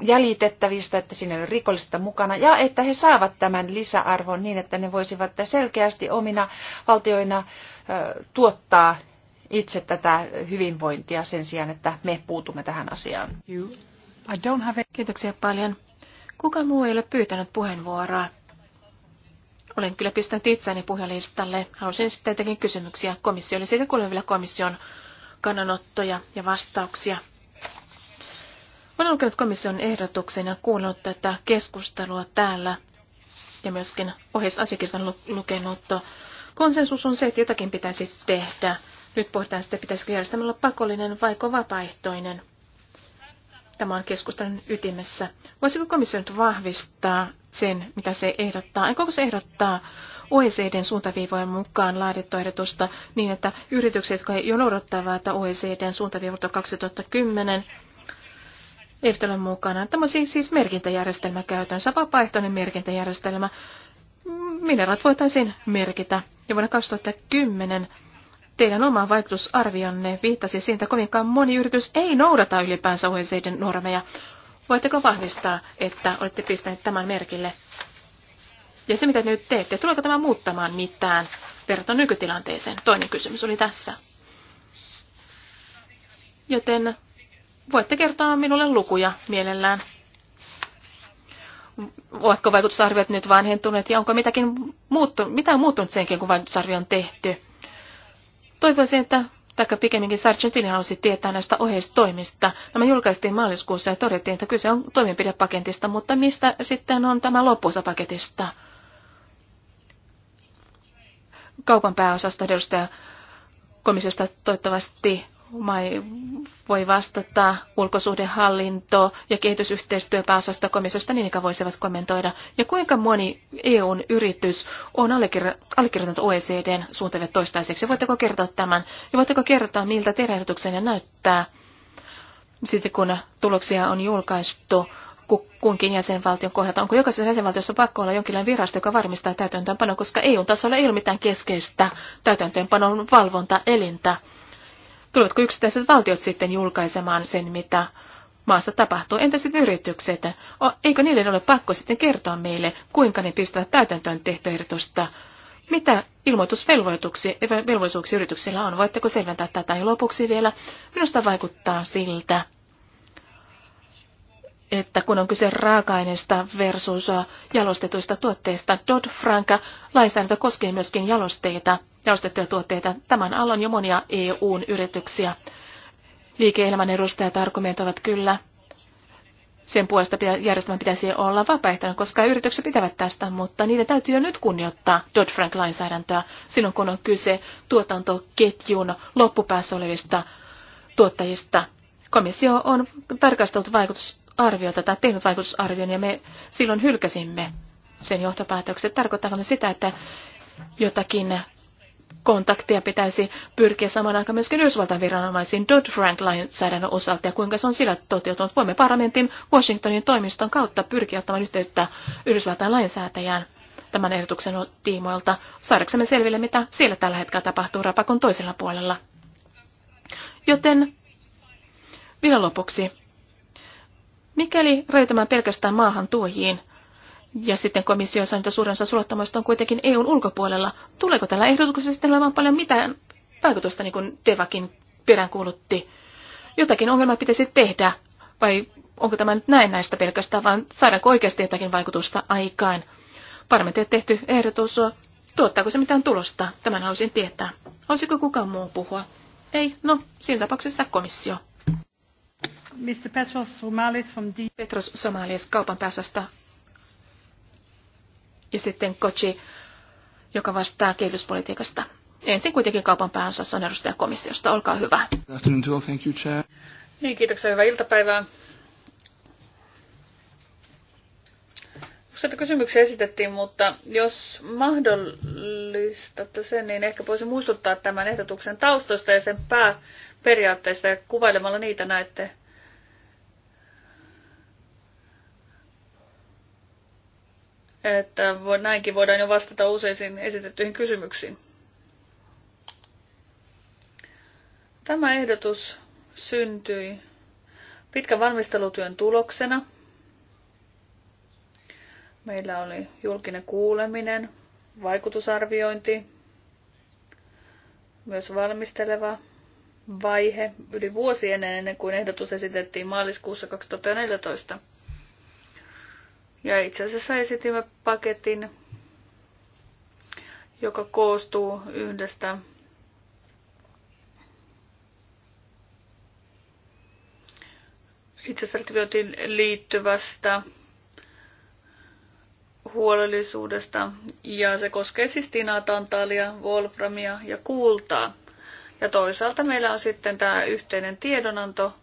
jäljitettävistä, että siinä ei ole rikollista mukana, ja että he saavat tämän lisäarvon niin, että ne voisivat selkeästi omina valtioina tuottaa itse tätä hyvinvointia sen sijaan, että me puutumme tähän asiaan. I don't have... Kiitoksia paljon. Kuka muu ei ole pyytänyt puheenvuoroa? Olen kyllä pistänyt itseäni puhelistalle. Haluaisin sitten jotakin kysymyksiä komissiolle. Siitä kuulemme vielä komission kannanottoja ja vastauksia. Olen lukenut komission ehdotuksen ja kuunnellut tätä keskustelua täällä ja myöskin ohjeisasiakirjan lukenut. Konsensus on se, että jotakin pitäisi tehdä. Nyt pohditaan sitten, pitäisikö järjestelmällä pakollinen vai vapaaehtoinen. Tämä on keskustelun ytimessä. Voisiko komissio nyt vahvistaa sen, mitä se ehdottaa? Aikooko se ehdottaa OECDn suuntaviivojen mukaan laadittua ehdotusta niin, että yritykset, jotka jo noudattavat OECDn on 2010, eivät ole mukana. Tämä on siis, siis merkintäjärjestelmä käytännössä, vapaaehtoinen merkintäjärjestelmä. Mineraat voitaisiin merkitä. Ja vuonna 2010 Teidän oma vaikutusarvionne viittasi siitä, että kovinkaan moni yritys ei noudata ylipäänsä OECDn normeja. Voitteko vahvistaa, että olette pistäneet tämän merkille? Ja se, mitä te nyt teette, tuleeko tämä muuttamaan mitään verrattuna nykytilanteeseen? Toinen kysymys oli tässä. Joten voitte kertoa minulle lukuja mielellään. Ovatko vaikutusarviot nyt vanhentuneet ja onko mitäkin muuttu, mitään muuttunut senkin, kun vaikutusarvio on tehty? Toivoisin, että taikka pikemminkin Sargentini halusi tietää näistä oheistoimista. Nämä julkaistiin maaliskuussa ja todettiin, että kyse on toimenpidepaketista, mutta mistä sitten on tämä loppuosa paketista? Kaupan pääosasta edustaja komisesta toivottavasti voi vastata ulkosuhdehallinto ja pääosasta komissiosta, niin ikään voisivat kommentoida. Ja kuinka moni EUn yritys on allekirjoittanut OECDn suuntaviot toistaiseksi? Voitteko kertoa tämän? Ja voitteko kertoa, miltä teidän ehdotuksenne näyttää sitten, kun tuloksia on julkaistu kunkin jäsenvaltion kohdalta? Onko jokaisessa jäsenvaltiossa pakko olla jonkinlainen virasto, joka varmistaa täytäntöönpanon, koska EUn tasolla ei ole mitään keskeistä täytäntöönpanon valvontaelintä? elintä? Tulevatko yksittäiset valtiot sitten julkaisemaan sen, mitä maassa tapahtuu? Entä sitten yritykset? Eikö niiden ole pakko sitten kertoa meille, kuinka ne pistävät täytäntöön tehtöehdotusta? Mitä ilmoitusvelvoituksia eh, yrityksillä on? Voitteko selventää tätä? Ja lopuksi vielä, minusta vaikuttaa siltä, että kun on kyse raaka-aineista versus jalostetuista tuotteista, Dodd-Frank lainsäädäntö koskee myöskin jalosteita, jalostettuja tuotteita. Tämän alan jo monia EUn yrityksiä. Liike-elämän edustajat argumentoivat kyllä. Sen puolesta järjestelmän pitäisi olla vapaaehtoinen, koska yritykset pitävät tästä, mutta niiden täytyy jo nyt kunnioittaa Dodd-Frank-lainsäädäntöä silloin, kun on kyse tuotantoketjun loppupäässä olevista tuottajista. Komissio on tarkastellut vaikutus arviota tai tehnyt vaikutusarvion ja me silloin hylkäsimme sen johtopäätöksen. Tarkoittaako sitä, että jotakin kontaktia pitäisi pyrkiä samaan aikaan myöskin Yhdysvaltain viranomaisiin Dodd-Frank-lainsäädännön osalta ja kuinka se on sillä toteutunut. Voimme parlamentin Washingtonin toimiston kautta pyrkiä ottamaan yhteyttä Yhdysvaltain lainsäätäjään tämän ehdotuksen tiimoilta saadaksemme selville, mitä siellä tällä hetkellä tapahtuu rapakon toisella puolella. Joten vielä lopuksi Mikäli rajoitamme pelkästään maahan tuojiin, ja sitten komissio sanoi, että suurin osa sulattamoista on kuitenkin EUn ulkopuolella, tuleeko tällä ehdotuksella sitten olemaan paljon mitään vaikutusta, niin kuin Tevakin peräänkuulutti? Jotakin ongelmaa pitäisi tehdä, vai onko tämä nyt näin näistä pelkästään, vaan saadaanko oikeasti jotakin vaikutusta aikaan? Parmentia tehty ehdotus, tuottaako se mitään tulosta? Tämän haluaisin tietää. Olisiko kukaan muu puhua? Ei, no, siinä tapauksessa komissio. Mr. Petros Somalis from D- Petros Somalis kaupan pääsästä. Ja sitten Kochi, joka vastaa kehityspolitiikasta. Ensin kuitenkin kaupan pääosassa on edustaja komissiosta. Olkaa hyvä. Thank you, chair. Niin, kiitoksia. Hyvää iltapäivää. Useita kysymyksiä esitettiin, mutta jos mahdollista sen, niin ehkä voisin muistuttaa tämän ehdotuksen taustoista ja sen pää periaatteista ja kuvailemalla niitä näette että näinkin voidaan jo vastata useisiin esitettyihin kysymyksiin. Tämä ehdotus syntyi pitkän valmistelutyön tuloksena. Meillä oli julkinen kuuleminen, vaikutusarviointi, myös valmisteleva vaihe yli vuosi ennen, ennen kuin ehdotus esitettiin maaliskuussa 2014. Ja itse asiassa esitimme paketin, joka koostuu yhdestä itsesertifiointiin liittyvästä huolellisuudesta. Ja se koskee siis tinaa, tantalia, wolframia ja kultaa. Ja toisaalta meillä on sitten tämä yhteinen tiedonanto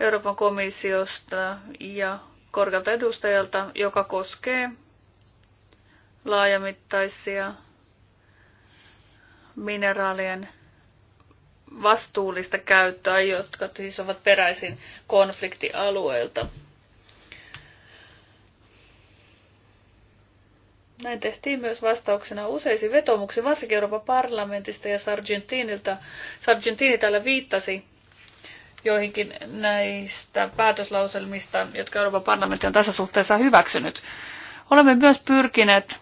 Euroopan komissiosta ja korkealta edustajalta, joka koskee laajamittaisia mineraalien vastuullista käyttöä, jotka siis ovat peräisin konfliktialueilta. Näin tehtiin myös vastauksena useisiin vetomuksiin, varsinkin Euroopan parlamentista ja Sargentinilta. Sargentini täällä viittasi joihinkin näistä päätöslauselmista, jotka Euroopan parlamentti on tässä suhteessa hyväksynyt. Olemme myös pyrkineet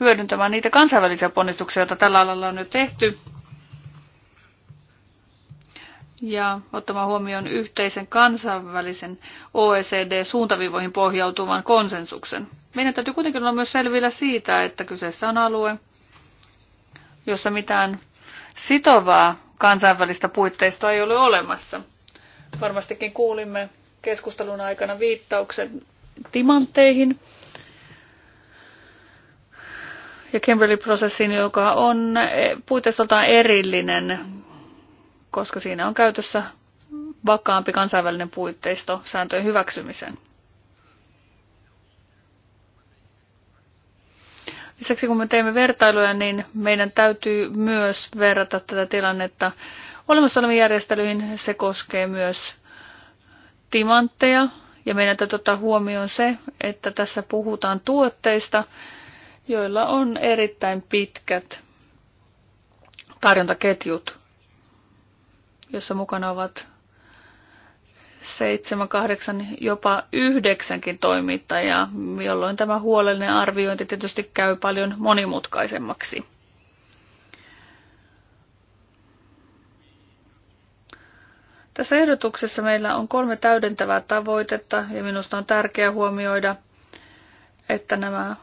hyödyntämään niitä kansainvälisiä ponnistuksia, joita tällä alalla on nyt tehty ja ottamaan huomioon yhteisen kansainvälisen OECD-suuntaviivoihin pohjautuvan konsensuksen. Meidän täytyy kuitenkin olla myös selvillä siitä, että kyseessä on alue, jossa mitään sitovaa kansainvälistä puitteistoa ei ole olemassa. Varmastikin kuulimme keskustelun aikana viittauksen timantteihin ja Kimberley-prosessin, joka on puitteistoltaan erillinen koska siinä on käytössä vakaampi kansainvälinen puitteisto sääntöjen hyväksymiseen. Lisäksi kun me teemme vertailuja, niin meidän täytyy myös verrata tätä tilannetta olemassa oleviin järjestelyihin. Se koskee myös timantteja. Ja meidän täytyy ottaa huomioon se, että tässä puhutaan tuotteista, joilla on erittäin pitkät tarjontaketjut jossa mukana ovat seitsemän, kahdeksan, jopa yhdeksänkin toimittajaa, jolloin tämä huolellinen arviointi tietysti käy paljon monimutkaisemmaksi. Tässä ehdotuksessa meillä on kolme täydentävää tavoitetta ja minusta on tärkeää huomioida, että nämä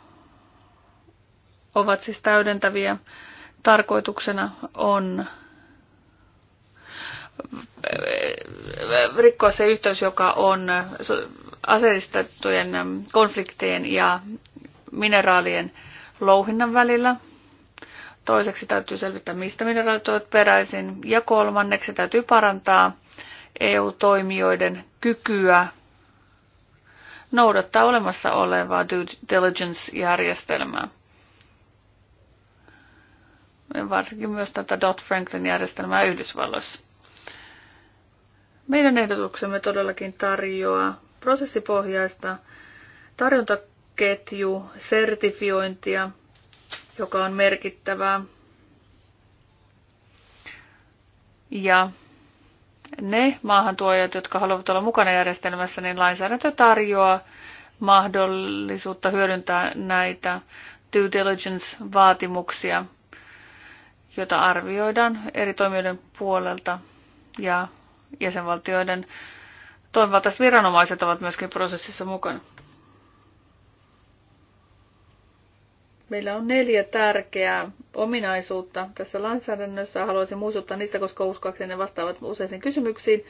ovat siis täydentäviä. Tarkoituksena on rikkoa se yhteys, joka on aseistettujen konfliktien ja mineraalien louhinnan välillä. Toiseksi täytyy selvittää, mistä mineraalit ovat peräisin. Ja kolmanneksi täytyy parantaa EU-toimijoiden kykyä noudattaa olemassa olevaa due diligence-järjestelmää. Varsinkin myös tätä Dot Franklin järjestelmää Yhdysvalloissa. Meidän ehdotuksemme todellakin tarjoaa prosessipohjaista tarjontaketju sertifiointia, joka on merkittävää. Ja ne maahantuojat, jotka haluavat olla mukana järjestelmässä, niin lainsäädäntö tarjoaa mahdollisuutta hyödyntää näitä due diligence-vaatimuksia, joita arvioidaan eri toimijoiden puolelta ja jäsenvaltioiden toimivaltaiset viranomaiset ovat myöskin prosessissa mukana. Meillä on neljä tärkeää ominaisuutta tässä lainsäädännössä. Haluaisin muistuttaa niistä, koska uskoakseni ne vastaavat useisiin kysymyksiin.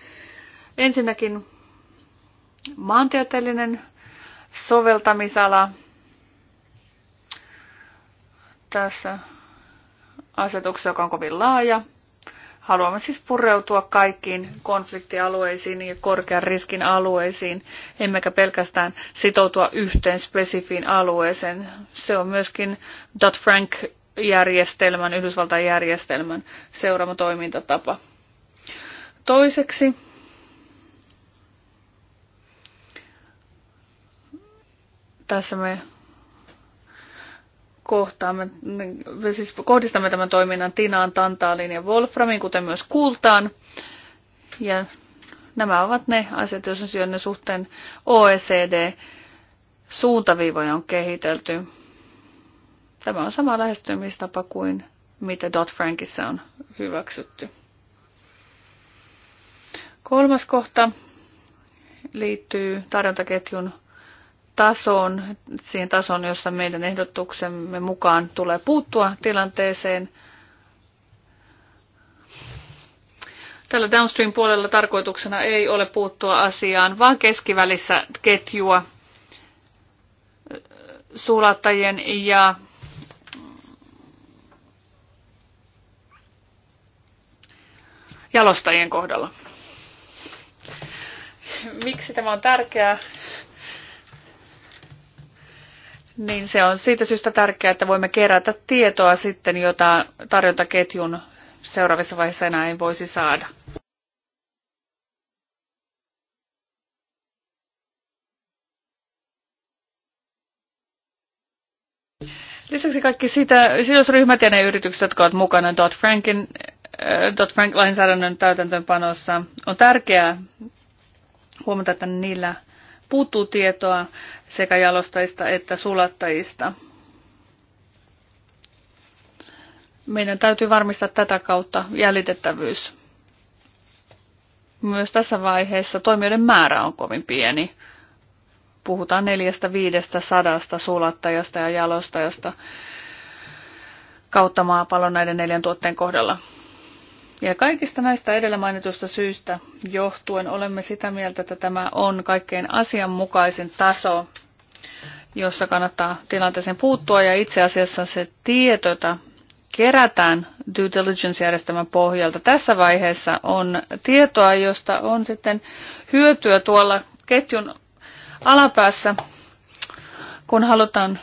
Ensinnäkin maantieteellinen soveltamisala tässä asetuksessa, joka on kovin laaja. Haluamme siis pureutua kaikkiin konfliktialueisiin ja korkean riskin alueisiin, emmekä pelkästään sitoutua yhteen spesifiin alueeseen. Se on myöskin Dodd-Frank-järjestelmän, Yhdysvaltain järjestelmän seuraava toimintatapa. Toiseksi tässä me kohtaamme, siis kohdistamme tämän toiminnan tinaan, tantaaliin ja wolframiin, kuten myös kultaan. Ja nämä ovat ne asiat, syönne suhteen OECD suuntaviivoja on kehitelty. Tämä on sama lähestymistapa kuin mitä Dodd-Frankissa on hyväksytty. Kolmas kohta liittyy tarjontaketjun tasoon, siihen tasoon, jossa meidän ehdotuksemme mukaan tulee puuttua tilanteeseen. Tällä downstream-puolella tarkoituksena ei ole puuttua asiaan, vaan keskivälissä ketjua sulattajien ja jalostajien kohdalla. Miksi tämä on tärkeää? niin se on siitä syystä tärkeää, että voimme kerätä tietoa sitten, jota tarjontaketjun seuraavissa vaiheissa enää ei voisi saada. Lisäksi kaikki sitä, sidosryhmät ja ne yritykset, jotka ovat mukana Dodd-Frankin äh, Dodd-Frank-lainsäädännön täytäntöönpanossa, on tärkeää huomata, että niillä puuttuu tietoa sekä jalostajista että sulattajista. Meidän täytyy varmistaa tätä kautta jäljitettävyys. Myös tässä vaiheessa toimijoiden määrä on kovin pieni. Puhutaan neljästä viidestä sadasta sulattajasta ja jalostajasta kautta maapallon näiden neljän tuotteen kohdalla. Ja kaikista näistä edellä mainitusta syistä johtuen olemme sitä mieltä, että tämä on kaikkein asianmukaisin taso, jossa kannattaa tilanteeseen puuttua ja itse asiassa se tietota kerätään due diligence-järjestelmän pohjalta tässä vaiheessa on tietoa, josta on sitten hyötyä tuolla ketjun alapäässä, kun halutaan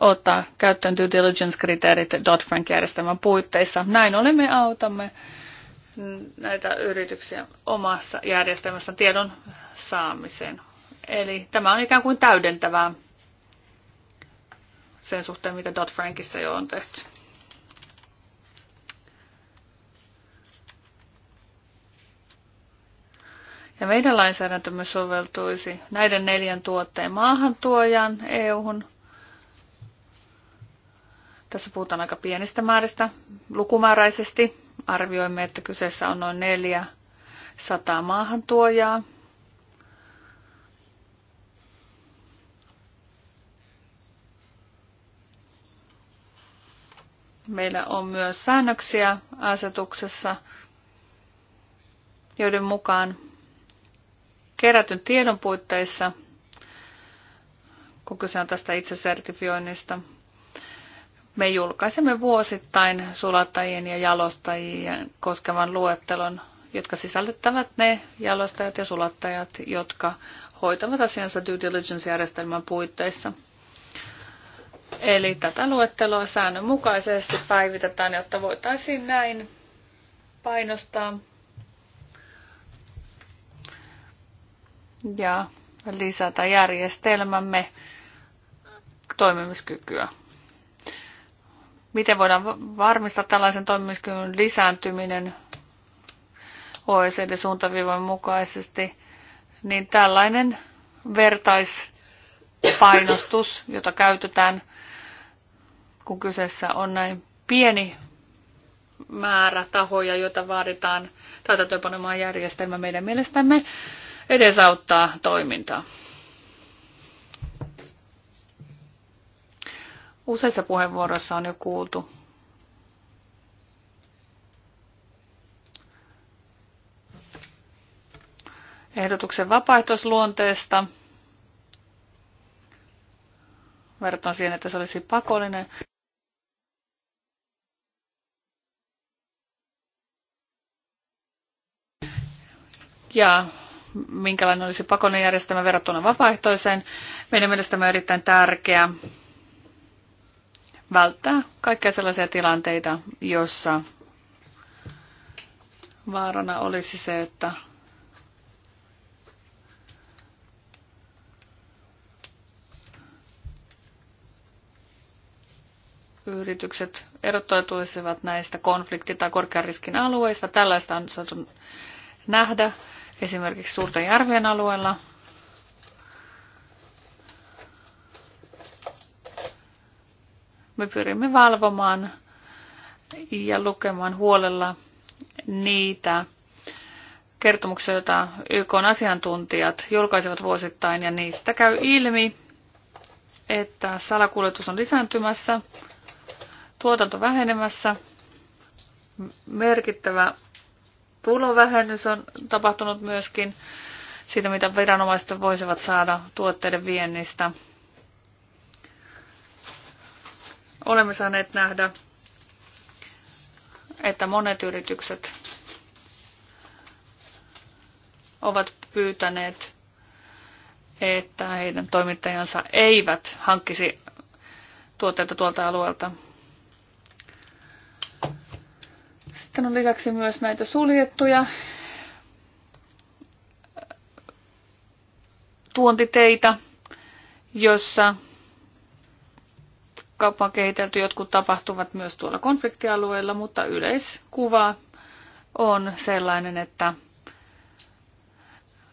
ottaa käyttöön due diligence-kriteerit Dodd-Frank-järjestelmän puitteissa. Näin olemme autamme näitä yrityksiä omassa järjestelmässä tiedon saamiseen. Eli tämä on ikään kuin täydentävää sen suhteen, mitä Dodd-Frankissa jo on tehty. Ja meidän lainsäädäntömme soveltuisi näiden neljän tuotteen maahantuojan EU-hun – tässä puhutaan aika pienistä määristä lukumääräisesti. Arvioimme, että kyseessä on noin 400 maahantuojaa. Meillä on myös säännöksiä asetuksessa, joiden mukaan kerätyn tiedon puitteissa, kun kyse on tästä itsesertifioinnista, me julkaisemme vuosittain sulattajien ja jalostajien koskevan luettelon, jotka sisällyttävät ne jalostajat ja sulattajat, jotka hoitavat asiansa due diligence-järjestelmän puitteissa. Eli tätä luetteloa säännönmukaisesti päivitetään, jotta voitaisiin näin painostaa ja lisätä järjestelmämme toimimiskykyä. Miten voidaan varmistaa tällaisen toimimiskyvyn lisääntyminen OECD-suuntaviivan mukaisesti, niin tällainen vertaispainostus, jota käytetään, kun kyseessä on näin pieni määrä tahoja, joita vaaditaan täytäntöönpanemaan järjestelmä meidän mielestämme edesauttaa toimintaa. Useissa puheenvuoroissa on jo kuultu. Ehdotuksen vapaaehtoisluonteesta verrattuna siihen, että se olisi pakollinen. Ja minkälainen olisi pakollinen järjestelmä verrattuna vapaaehtoiseen. Meidän mielestämme on erittäin tärkeää, välttää kaikkia sellaisia tilanteita, jossa vaarana olisi se, että yritykset erottautuisivat näistä konflikti- tai korkean riskin alueista. Tällaista on saatu nähdä esimerkiksi suurten järvien alueella, Me pyrimme valvomaan ja lukemaan huolella niitä kertomuksia, joita YK asiantuntijat julkaisevat vuosittain, ja niistä käy ilmi, että salakuljetus on lisääntymässä, tuotanto vähenemässä, merkittävä tulovähennys on tapahtunut myöskin siitä, mitä viranomaiset voisivat saada tuotteiden viennistä – Olemme saaneet nähdä, että monet yritykset ovat pyytäneet, että heidän toimittajansa eivät hankkisi tuotteita tuolta alueelta. Sitten on lisäksi myös näitä suljettuja äh, tuontiteitä, joissa kauppaa kehitelty. Jotkut tapahtuvat myös tuolla konfliktialueella, mutta yleiskuva on sellainen, että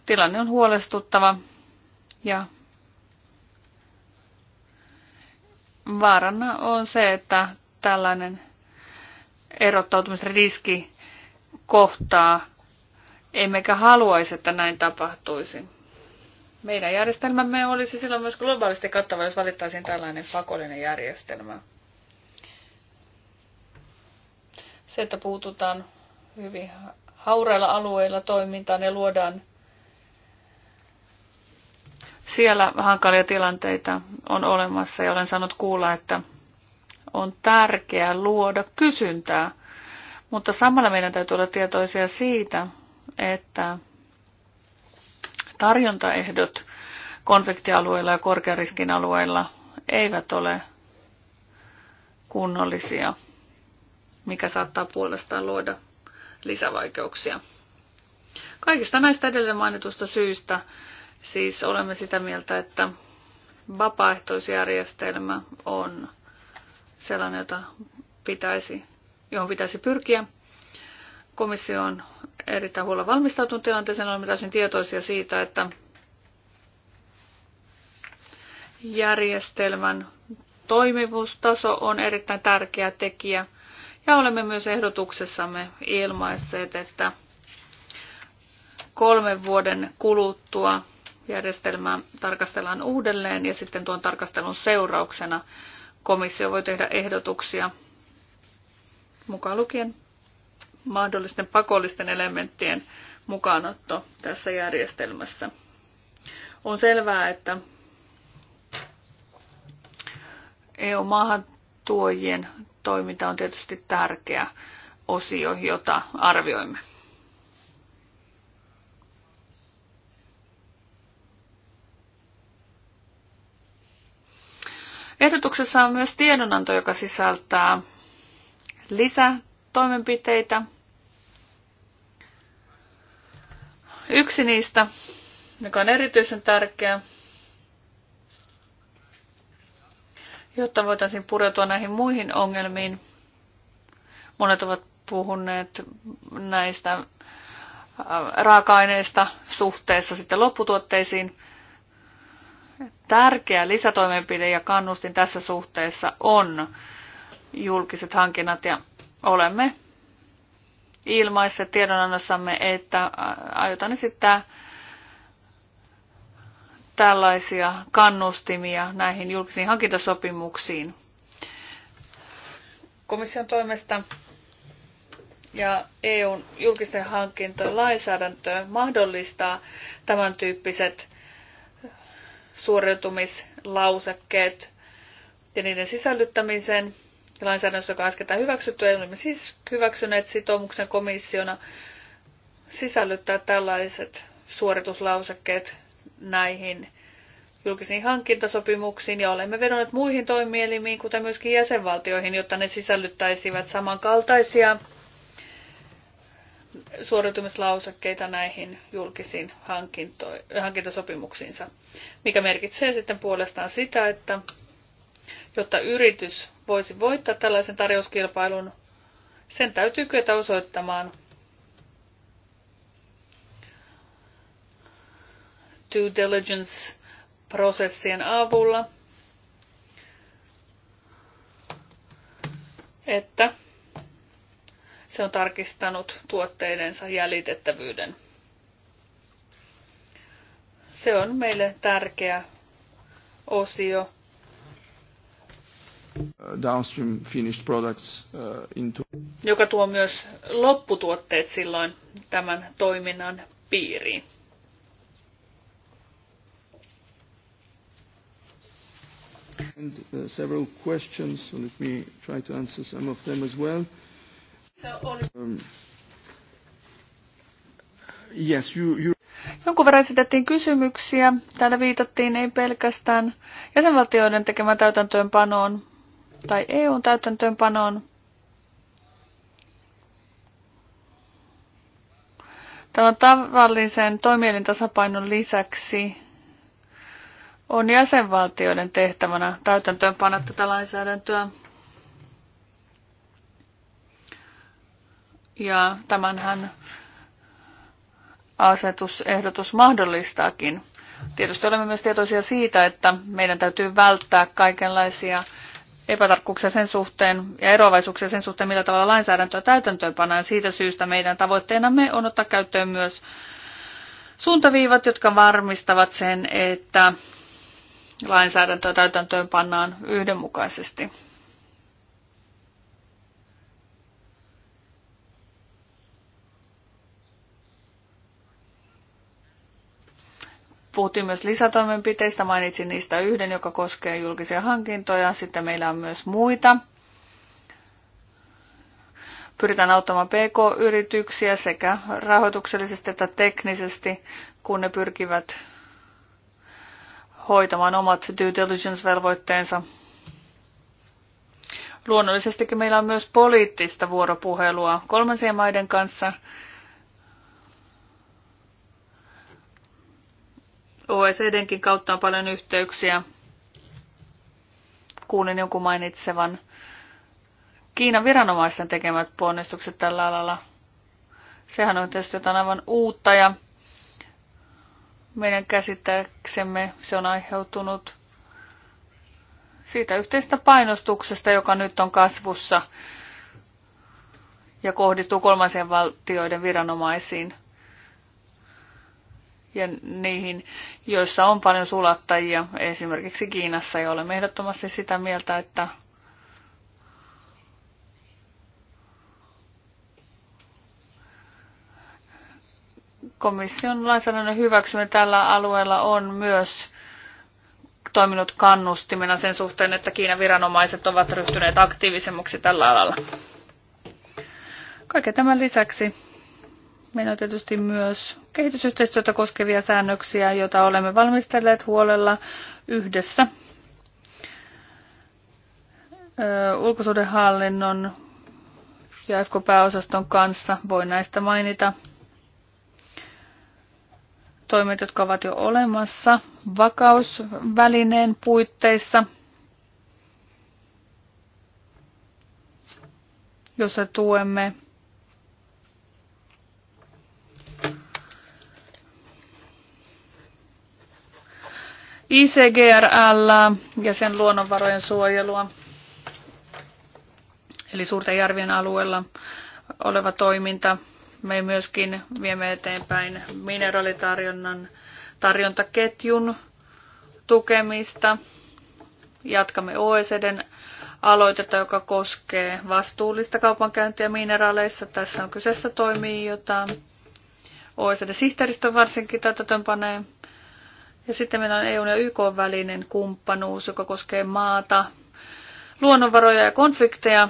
tilanne on huolestuttava ja vaarana on se, että tällainen erottautumisriski kohtaa, emmekä haluaisi, että näin tapahtuisi. Meidän järjestelmämme olisi silloin myös globaalisti kattava, jos valittaisiin tällainen pakollinen järjestelmä. Se, että puututaan hyvin haureilla alueilla toimintaan ja luodaan siellä hankalia tilanteita on olemassa ja olen saanut kuulla, että on tärkeää luoda kysyntää, mutta samalla meidän täytyy olla tietoisia siitä, että tarjontaehdot konfliktialueilla ja korkeariskin alueilla eivät ole kunnollisia, mikä saattaa puolestaan luoda lisävaikeuksia. Kaikista näistä edellä mainitusta syistä siis olemme sitä mieltä, että vapaaehtoisjärjestelmä on sellainen, jota pitäisi, johon pitäisi pyrkiä. Komissio on erittäin huolella valmistautunut tilanteeseen, olemme täysin tietoisia siitä, että järjestelmän toimivuustaso on erittäin tärkeä tekijä. Ja olemme myös ehdotuksessamme ilmaisseet, että kolmen vuoden kuluttua järjestelmää tarkastellaan uudelleen ja sitten tuon tarkastelun seurauksena komissio voi tehdä ehdotuksia mukaan lukien mahdollisten pakollisten elementtien mukaanotto tässä järjestelmässä. On selvää, että EU-maahantuojien toiminta on tietysti tärkeä osio, jota arvioimme. Ehdotuksessa on myös tiedonanto, joka sisältää lisätoimenpiteitä Yksi niistä, joka on erityisen tärkeä, jotta voitaisiin pureutua näihin muihin ongelmiin. Monet ovat puhuneet näistä äh, raaka-aineista suhteessa sitten lopputuotteisiin. Tärkeä lisätoimenpide ja kannustin tässä suhteessa on julkiset hankinnat ja olemme ilmaisseet tiedonannossamme, että aiotaan esittää tällaisia kannustimia näihin julkisiin hankintasopimuksiin komission toimesta ja EUn julkisten hankintojen lainsäädäntö mahdollistaa tämän tyyppiset suoriutumislausekkeet ja niiden sisällyttämisen lainsäädännössä, joka äskettäin hyväksytty, ja olemme siis hyväksyneet sitoumuksen komissiona sisällyttää tällaiset suorituslausekkeet näihin julkisiin hankintasopimuksiin ja olemme vedonneet muihin toimielimiin, kuten myöskin jäsenvaltioihin, jotta ne sisällyttäisivät samankaltaisia suoriutumislausekkeita näihin julkisiin hankintasopimuksiinsa, mikä merkitsee sitten puolestaan sitä, että Jotta yritys voisi voittaa tällaisen tarjouskilpailun, sen täytyy kyetä osoittamaan due diligence-prosessien avulla, että se on tarkistanut tuotteidensa jäljitettävyyden. Se on meille tärkeä osio Uh, downstream finished products uh, into. Joka tuo myös lopputuotteet silloin tämän toiminnan piiriin. And uh, several questions, so let me try to answer some of them as well. So, um, yes, you, you Jonkun verran esitettiin kysymyksiä. Täällä viitattiin ei pelkästään jäsenvaltioiden tekemään täytäntöönpanoon, tai EUn täytäntöönpanoon. on tavallisen toimielin tasapainon lisäksi on jäsenvaltioiden tehtävänä täytäntöönpanna tätä lainsäädäntöä. Ja tämänhän asetusehdotus mahdollistaakin. Tietysti olemme myös tietoisia siitä, että meidän täytyy välttää kaikenlaisia epätarkkuuksia sen suhteen ja eroavaisuuksia sen suhteen, millä tavalla lainsäädäntöä täytäntöönpannaan. Siitä syystä meidän tavoitteenamme on ottaa käyttöön myös suuntaviivat, jotka varmistavat sen, että lainsäädäntöä täytäntöön pannaan yhdenmukaisesti. Puhuttiin myös lisätoimenpiteistä, mainitsin niistä yhden, joka koskee julkisia hankintoja. Sitten meillä on myös muita. Pyritään auttamaan PK-yrityksiä sekä rahoituksellisesti että teknisesti, kun ne pyrkivät hoitamaan omat due diligence-velvoitteensa. Luonnollisestikin meillä on myös poliittista vuoropuhelua kolmansien maiden kanssa – OECDnkin kautta on paljon yhteyksiä. Kuulin jonkun mainitsevan Kiinan viranomaisten tekemät ponnistukset tällä alalla. Sehän on tietysti jotain aivan uutta ja meidän käsittääksemme se on aiheutunut siitä yhteistä painostuksesta, joka nyt on kasvussa ja kohdistuu kolmansien valtioiden viranomaisiin – ja niihin, joissa on paljon sulattajia, esimerkiksi Kiinassa, ja olemme ehdottomasti sitä mieltä, että komission lainsäädännön hyväksyminen tällä alueella on myös toiminut kannustimena sen suhteen, että Kiinan viranomaiset ovat ryhtyneet aktiivisemmiksi tällä alalla. Kaiken tämän lisäksi Meillä on tietysti myös kehitysyhteistyötä koskevia säännöksiä, joita olemme valmistelleet huolella yhdessä ulkosuhdehallinnon ja FK-pääosaston kanssa. voi näistä mainita toimet, jotka ovat jo olemassa vakausvälineen puitteissa, jossa tuemme ICGRL ja sen luonnonvarojen suojelua, eli suurten järvien alueella oleva toiminta. Me myöskin viemme eteenpäin mineraalitarjonnan tarjontaketjun tukemista. Jatkamme OECDn aloitetta, joka koskee vastuullista kaupankäyntiä mineraaleissa. Tässä on kyseessä toimii, jota OECD-sihteeristö varsinkin täytäntöönpanee ja sitten meillä on EUn ja YK välinen kumppanuus, joka koskee maata, luonnonvaroja ja konflikteja.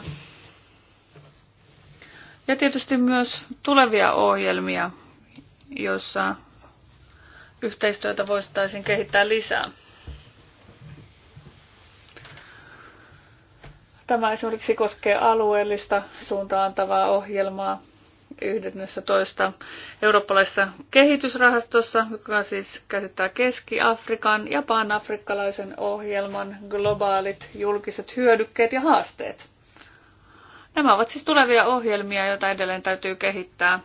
Ja tietysti myös tulevia ohjelmia, joissa yhteistyötä voitaisiin kehittää lisää. Tämä esimerkiksi koskee alueellista suuntaantavaa ohjelmaa, toista eurooppalaisessa kehitysrahastossa, joka siis käsittää Keski-Afrikan ja panafrikkalaisen ohjelman globaalit julkiset hyödykkeet ja haasteet. Nämä ovat siis tulevia ohjelmia, joita edelleen täytyy kehittää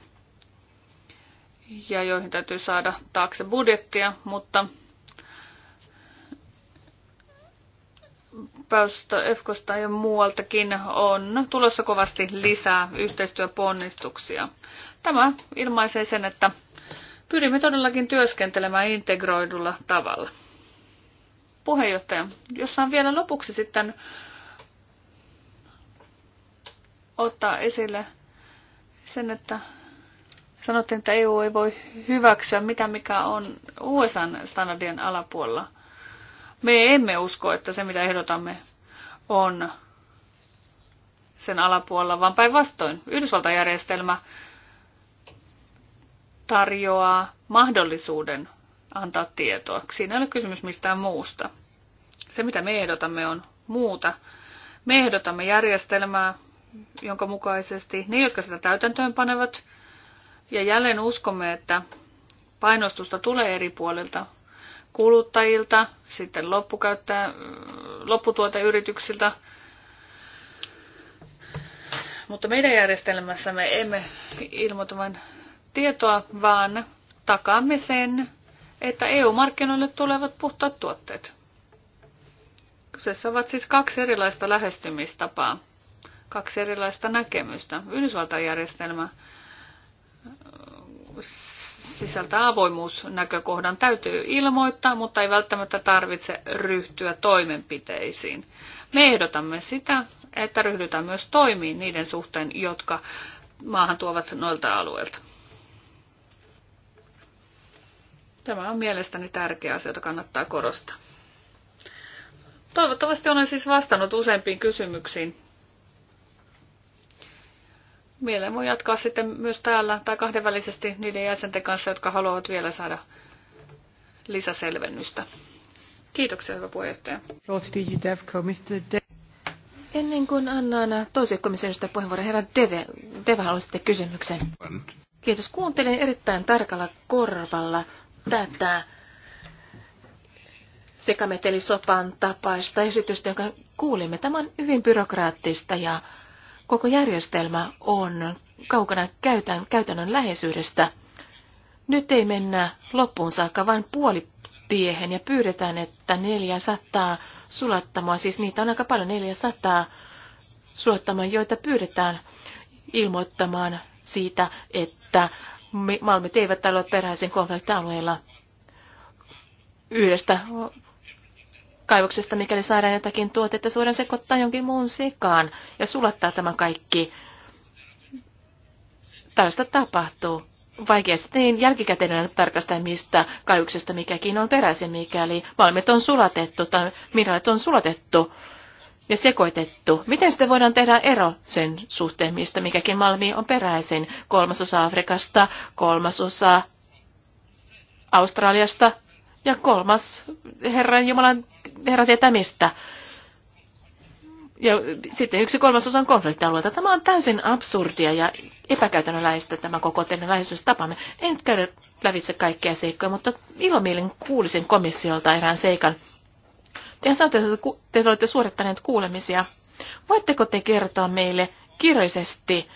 ja joihin täytyy saada taakse budjettia, mutta Kauppausta, EFKosta ja muualtakin on tulossa kovasti lisää yhteistyöponnistuksia. Tämä ilmaisee sen, että pyrimme todellakin työskentelemään integroidulla tavalla. Puheenjohtaja, jos saan vielä lopuksi sitten ottaa esille sen, että sanottiin, että EU ei voi hyväksyä mitä mikä on usa standardien alapuolella – me emme usko, että se mitä ehdotamme on sen alapuolella, vaan päinvastoin. Yhdysvaltain järjestelmä tarjoaa mahdollisuuden antaa tietoa. Siinä ei ole kysymys mistään muusta. Se, mitä me ehdotamme, on muuta. Me ehdotamme järjestelmää, jonka mukaisesti ne, jotka sitä täytäntöön panevat, ja jälleen uskomme, että painostusta tulee eri puolilta, kuluttajilta, sitten loppukäyttäjä, lopputuoteyrityksiltä. Mutta meidän järjestelmässämme emme ilmoita vain tietoa, vaan takaamme sen, että EU-markkinoille tulevat puhtaat tuotteet. Kyseessä ovat siis kaksi erilaista lähestymistapaa, kaksi erilaista näkemystä. Yhdysvaltain järjestelmä sisältää avoimuusnäkökohdan. Täytyy ilmoittaa, mutta ei välttämättä tarvitse ryhtyä toimenpiteisiin. Me ehdotamme sitä, että ryhdytään myös toimiin niiden suhteen, jotka maahan tuovat noilta alueilta. Tämä on mielestäni tärkeä asia, jota kannattaa korostaa. Toivottavasti olen siis vastannut useimpiin kysymyksiin mieleen voi jatkaa sitten myös täällä tai kahdenvälisesti niiden jäsenten kanssa, jotka haluavat vielä saada lisäselvennystä. Kiitoksia, hyvä puheenjohtaja. Ennen kuin annan toisekomisesta puheenvuoron, herra Deve, Deve haluaisitte kysymyksen. Kiitos. Kuuntelin erittäin tarkalla korvalla tätä sekametelisopan tapaista esitystä, jonka kuulimme. Tämä on hyvin byrokraattista ja Koko järjestelmä on kaukana käytän, käytännön läheisyydestä. Nyt ei mennä loppuun saakka vain puoli tiehen ja pyydetään, että 400 sulattamoa, siis niitä on aika paljon 400 sulattamoa, joita pyydetään ilmoittamaan siitä, että malmit eivät ole peräisin konfliktialueilla. Yhdestä kaivoksesta, mikäli saadaan jotakin tuotetta, suoraan sekoittaa jonkin muun sekaan ja sulattaa tämä kaikki. Tällaista tapahtuu. Vaikea sitten niin jälkikäteen tarkastaa, mistä kaivoksesta mikäkin on peräisin, mikäli valmet on sulatettu tai mineraalit on sulatettu ja sekoitettu. Miten sitten voidaan tehdä ero sen suhteen, mistä mikäkin malmi on peräisin? Kolmasosa Afrikasta, kolmasosa Australiasta ja kolmas Herran Jumalan herra tietää mistä. Ja sitten yksi kolmasosa on konfliktialueita. Tämä on täysin absurdia ja epäkäytännönläheistä tämä koko teidän läheisyystapanne. En nyt käydä lävitse kaikkia seikkoja, mutta ilomielin kuulisin komissiolta erään seikan. Tehän sanotte, että te olette suorittaneet kuulemisia. Voitteko te kertoa meille kirjallisesti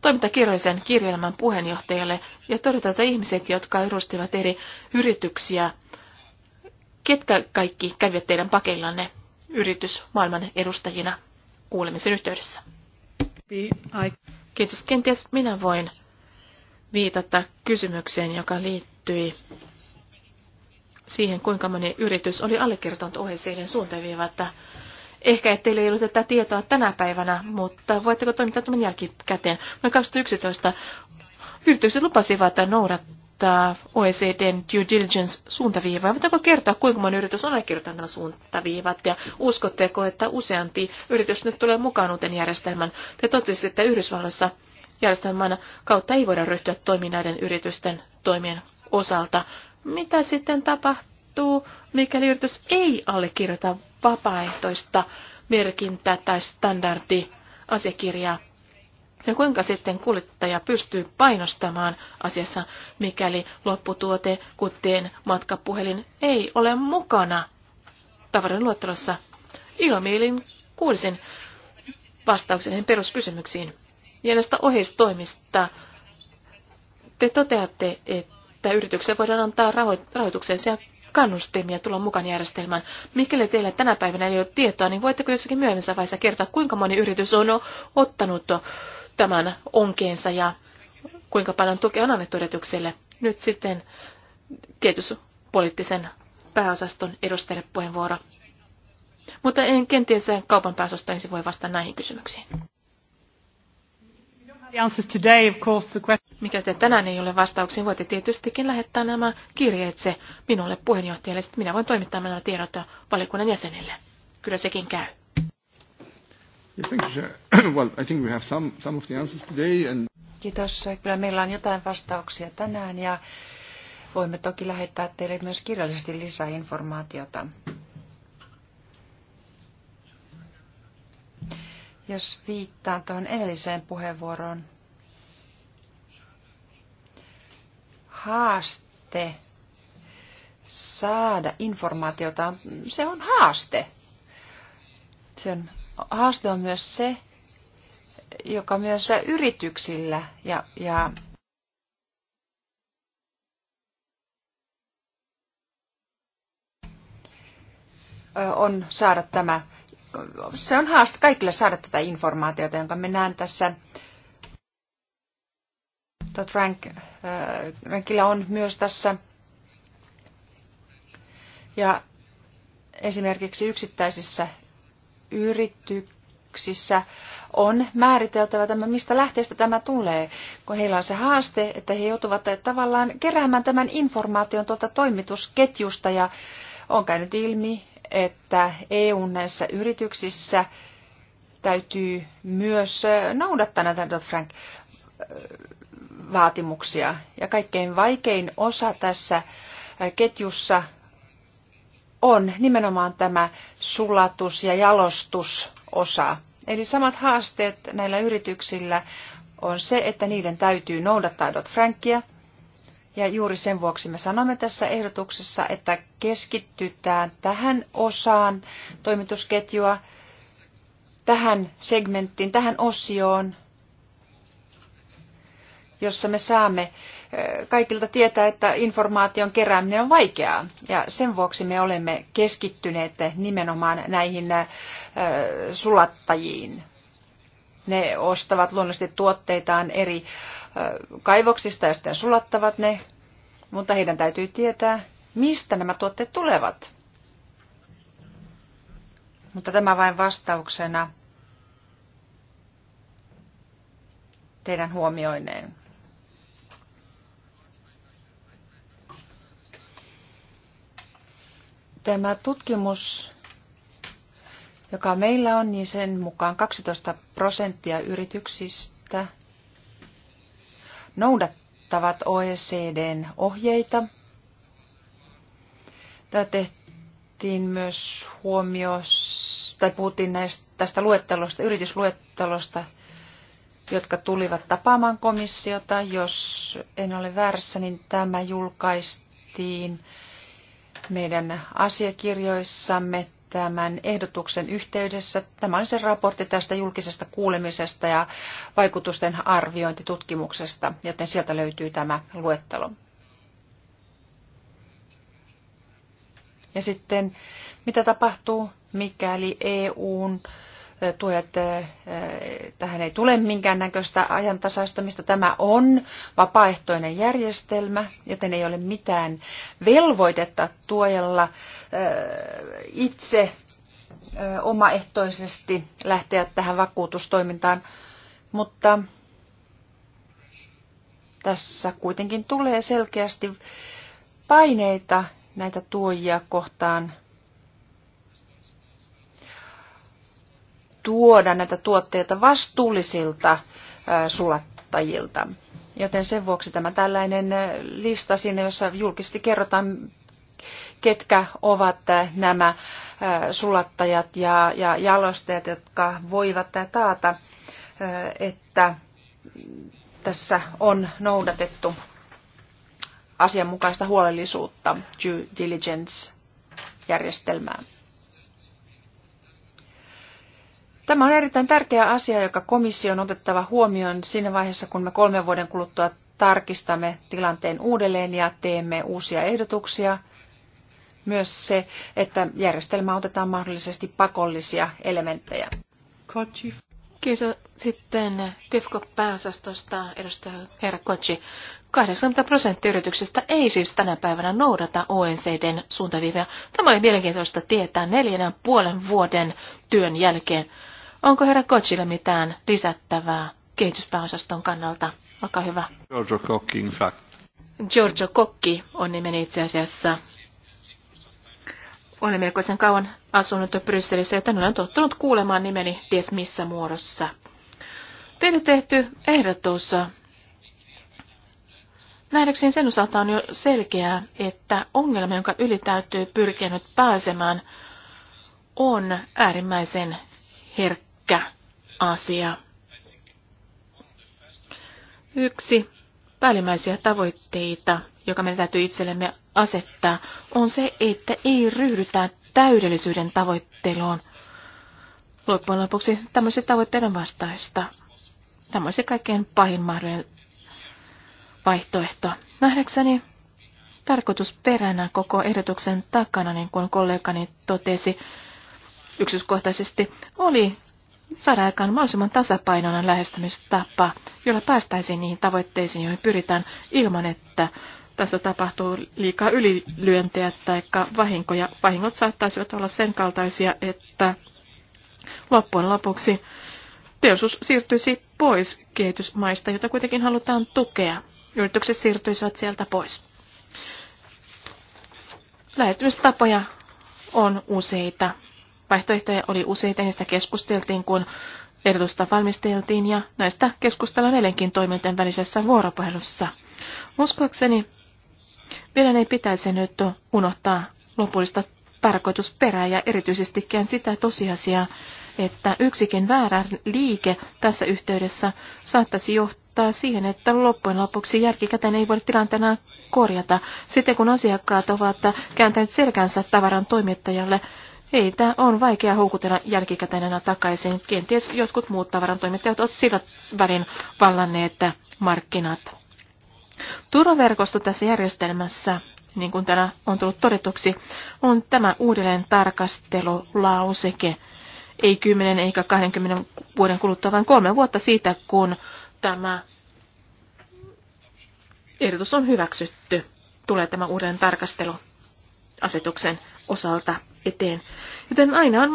toimintakirjallisen kirjelmän puheenjohtajalle ja todeta, että ihmiset, jotka edustivat eri yrityksiä, ketkä kaikki kävivät teidän pakeillanne yritysmaailman edustajina kuulemisen yhteydessä? Kiitos. Kenties minä voin viitata kysymykseen, joka liittyi siihen, kuinka moni yritys oli allekirjoittanut OECDn suuntaviivat. Ehkä ettei ollut tätä tietoa tänä päivänä, mutta voitteko toimittaa tämän jälkikäteen? Noin 2011 yritykset lupasivat noudattaa tota, OECDn due diligence-suuntaviivaa. Voitteko kertoa, kuinka moni yritys on allekirjoittanut nämä suuntaviivat ja uskotteko, että useampi yritys nyt tulee mukaan uuteen järjestelmän? Te totesitte, että Yhdysvalloissa järjestelmän kautta ei voida ryhtyä toimiin näiden yritysten toimien osalta. Mitä sitten tapahtuu, mikäli yritys ei allekirjoita vapaaehtoista merkintää tai standardi asiakirjaa? Ja kuinka sitten kuljettaja pystyy painostamaan asiassa, mikäli lopputuote, kuten matkapuhelin, ei ole mukana tavaran luettelossa? Ilomielin kuulisin vastauksen peruskysymyksiin. Ja näistä ohjeistoimista te toteatte, että yritykseen voidaan antaa rahoituksen ja kannustimia tulla mukaan järjestelmään. Mikäli teillä tänä päivänä ei ole tietoa, niin voitteko jossakin myöhemmässä vaiheessa kertoa, kuinka moni yritys on ottanut tämän onkeensa ja kuinka paljon tukea on annettu yritykselle. Nyt sitten kehityspoliittisen pääosaston edustajille puheenvuoro. Mutta en kenties kaupan pääosasto ensin voi vastata näihin kysymyksiin. Mikä te tänään ei ole vastauksiin, voitte tietystikin lähettää nämä kirjeitse minulle puheenjohtajalle, sitten minä voin toimittaa nämä tiedot valiokunnan jäsenille. Kyllä sekin käy. Kiitos. Kyllä meillä on jotain vastauksia tänään ja voimme toki lähettää teille myös kirjallisesti lisää informaatiota. Jos viittaan tuohon edelliseen puheenvuoroon, haaste saada informaatiota, se on haaste. Se on haaste on myös se, joka myös yrityksillä ja, ja on saada tämä, se on haaste kaikille saada tätä informaatiota, jonka me näen tässä. Frank, Rankilla on myös tässä. Ja esimerkiksi yksittäisissä yrityksissä on määriteltävä tämä, mistä lähteestä tämä tulee, kun heillä on se haaste, että he joutuvat tavallaan keräämään tämän informaation tuolta toimitusketjusta ja on käynyt ilmi, että EU näissä yrityksissä täytyy myös noudattaa näitä Dodd-Frank vaatimuksia. Ja kaikkein vaikein osa tässä ketjussa on nimenomaan tämä sulatus- ja jalostusosa. Eli samat haasteet näillä yrityksillä on se, että niiden täytyy noudattaa Dodd-Frankia. Ja juuri sen vuoksi me sanomme tässä ehdotuksessa, että keskittytään tähän osaan toimitusketjua, tähän segmenttiin, tähän osioon, jossa me saamme kaikilta tietää, että informaation kerääminen on vaikeaa. Ja sen vuoksi me olemme keskittyneet nimenomaan näihin äh, sulattajiin. Ne ostavat luonnollisesti tuotteitaan eri äh, kaivoksista ja sitten sulattavat ne, mutta heidän täytyy tietää, mistä nämä tuotteet tulevat. Mutta tämä vain vastauksena teidän huomioineen. Tämä tutkimus, joka meillä on, niin sen mukaan 12 prosenttia yrityksistä noudattavat OECDn ohjeita. Tämä tehtiin myös huomio, tai puhuttiin näistä, tästä luettelosta, yritysluettelosta, jotka tulivat tapaamaan komissiota. Jos en ole väärässä, niin tämä julkaistiin meidän asiakirjoissamme tämän ehdotuksen yhteydessä. Tämä on se raportti tästä julkisesta kuulemisesta ja vaikutusten arviointitutkimuksesta, joten sieltä löytyy tämä luettelo. Ja sitten, mitä tapahtuu, mikäli EUn tuet, eh, tähän ei tule minkäännäköistä ajantasaistamista. Tämä on vapaaehtoinen järjestelmä, joten ei ole mitään velvoitetta tuojella eh, itse eh, omaehtoisesti lähteä tähän vakuutustoimintaan, mutta tässä kuitenkin tulee selkeästi paineita näitä tuojia kohtaan tuoda näitä tuotteita vastuullisilta sulattajilta. Joten sen vuoksi tämä tällainen lista siinä, jossa julkisesti kerrotaan, ketkä ovat nämä sulattajat ja, ja jalostajat, jotka voivat taata, että tässä on noudatettu asianmukaista huolellisuutta due diligence-järjestelmään. Tämä on erittäin tärkeä asia, joka komission on otettava huomioon siinä vaiheessa, kun me kolmen vuoden kuluttua tarkistamme tilanteen uudelleen ja teemme uusia ehdotuksia. Myös se, että järjestelmään otetaan mahdollisesti pakollisia elementtejä. Kiitos. Sitten TIFCO pääosastosta edustaja Herra Kochi. 80 prosenttia yrityksistä ei siis tänä päivänä noudata OECDn suuntaviivoja. Tämä oli mielenkiintoista tietää neljänä puolen vuoden työn jälkeen. Onko herra Kotsille mitään lisättävää kehityspääosaston kannalta? Olkaa hyvä. Giorgio Kokki, in fact. Giorgio Kokki on nimeni itse asiassa. Olen melkoisen kauan asunut Brysselissä ja tänään olen tottunut kuulemaan nimeni ties missä muodossa. Teille tehty ehdotus Nähdäkseni sen osalta on jo selkeää, että ongelma, jonka yli täytyy pyrkiä nyt pääsemään, on äärimmäisen herkkä herkkä asia. Yksi päällimmäisiä tavoitteita, joka meidän täytyy itsellemme asettaa, on se, että ei ryhdytä täydellisyyden tavoitteluun. Loppujen lopuksi tämmöisen tavoitteiden vastaista. Tämä olisi kaikkein pahin mahdollinen vaihtoehto. Nähdäkseni tarkoitusperänä koko ehdotuksen takana, niin kuin kollegani totesi yksityiskohtaisesti, oli saada aikaan mahdollisimman tasapainoinen lähestymistapa, jolla päästäisiin niihin tavoitteisiin, joihin pyritään ilman, että tässä tapahtuu liikaa ylilyöntejä tai vahinkoja. Vahingot saattaisivat olla sen kaltaisia, että loppujen lopuksi teollisuus siirtyisi pois kehitysmaista, jota kuitenkin halutaan tukea. Yritykset siirtyisivät sieltä pois. Lähestymistapoja on useita. Vaihtoehtoja oli useita, niistä keskusteltiin, kun ehdotusta valmisteltiin ja näistä keskustellaan edelleenkin toimintojen välisessä vuoropuhelussa. Uskoakseni meidän ei pitäisi nyt unohtaa lopullista tarkoitusperää ja erityisestikään sitä tosiasiaa, että yksikin väärä liike tässä yhteydessä saattaisi johtaa siihen, että loppujen lopuksi järkikäteen ei voida tilanteena korjata. Sitten kun asiakkaat ovat kääntäneet selkänsä tavaran toimittajalle, Heitä on vaikea houkutella jälkikäteenä takaisin. Kenties jotkut muut tavarantoimittajat ovat sillä välin vallanneet markkinat. Turvaverkosto tässä järjestelmässä, niin kuin tänä on tullut todetuksi, on tämä uudelleen tarkastelulauseke. Ei 10 eikä 20 vuoden kuluttua, vaan kolme vuotta siitä, kun tämä ehdotus on hyväksytty, tulee tämä uuden tarkasteluasetuksen osalta eteen. Joten aina on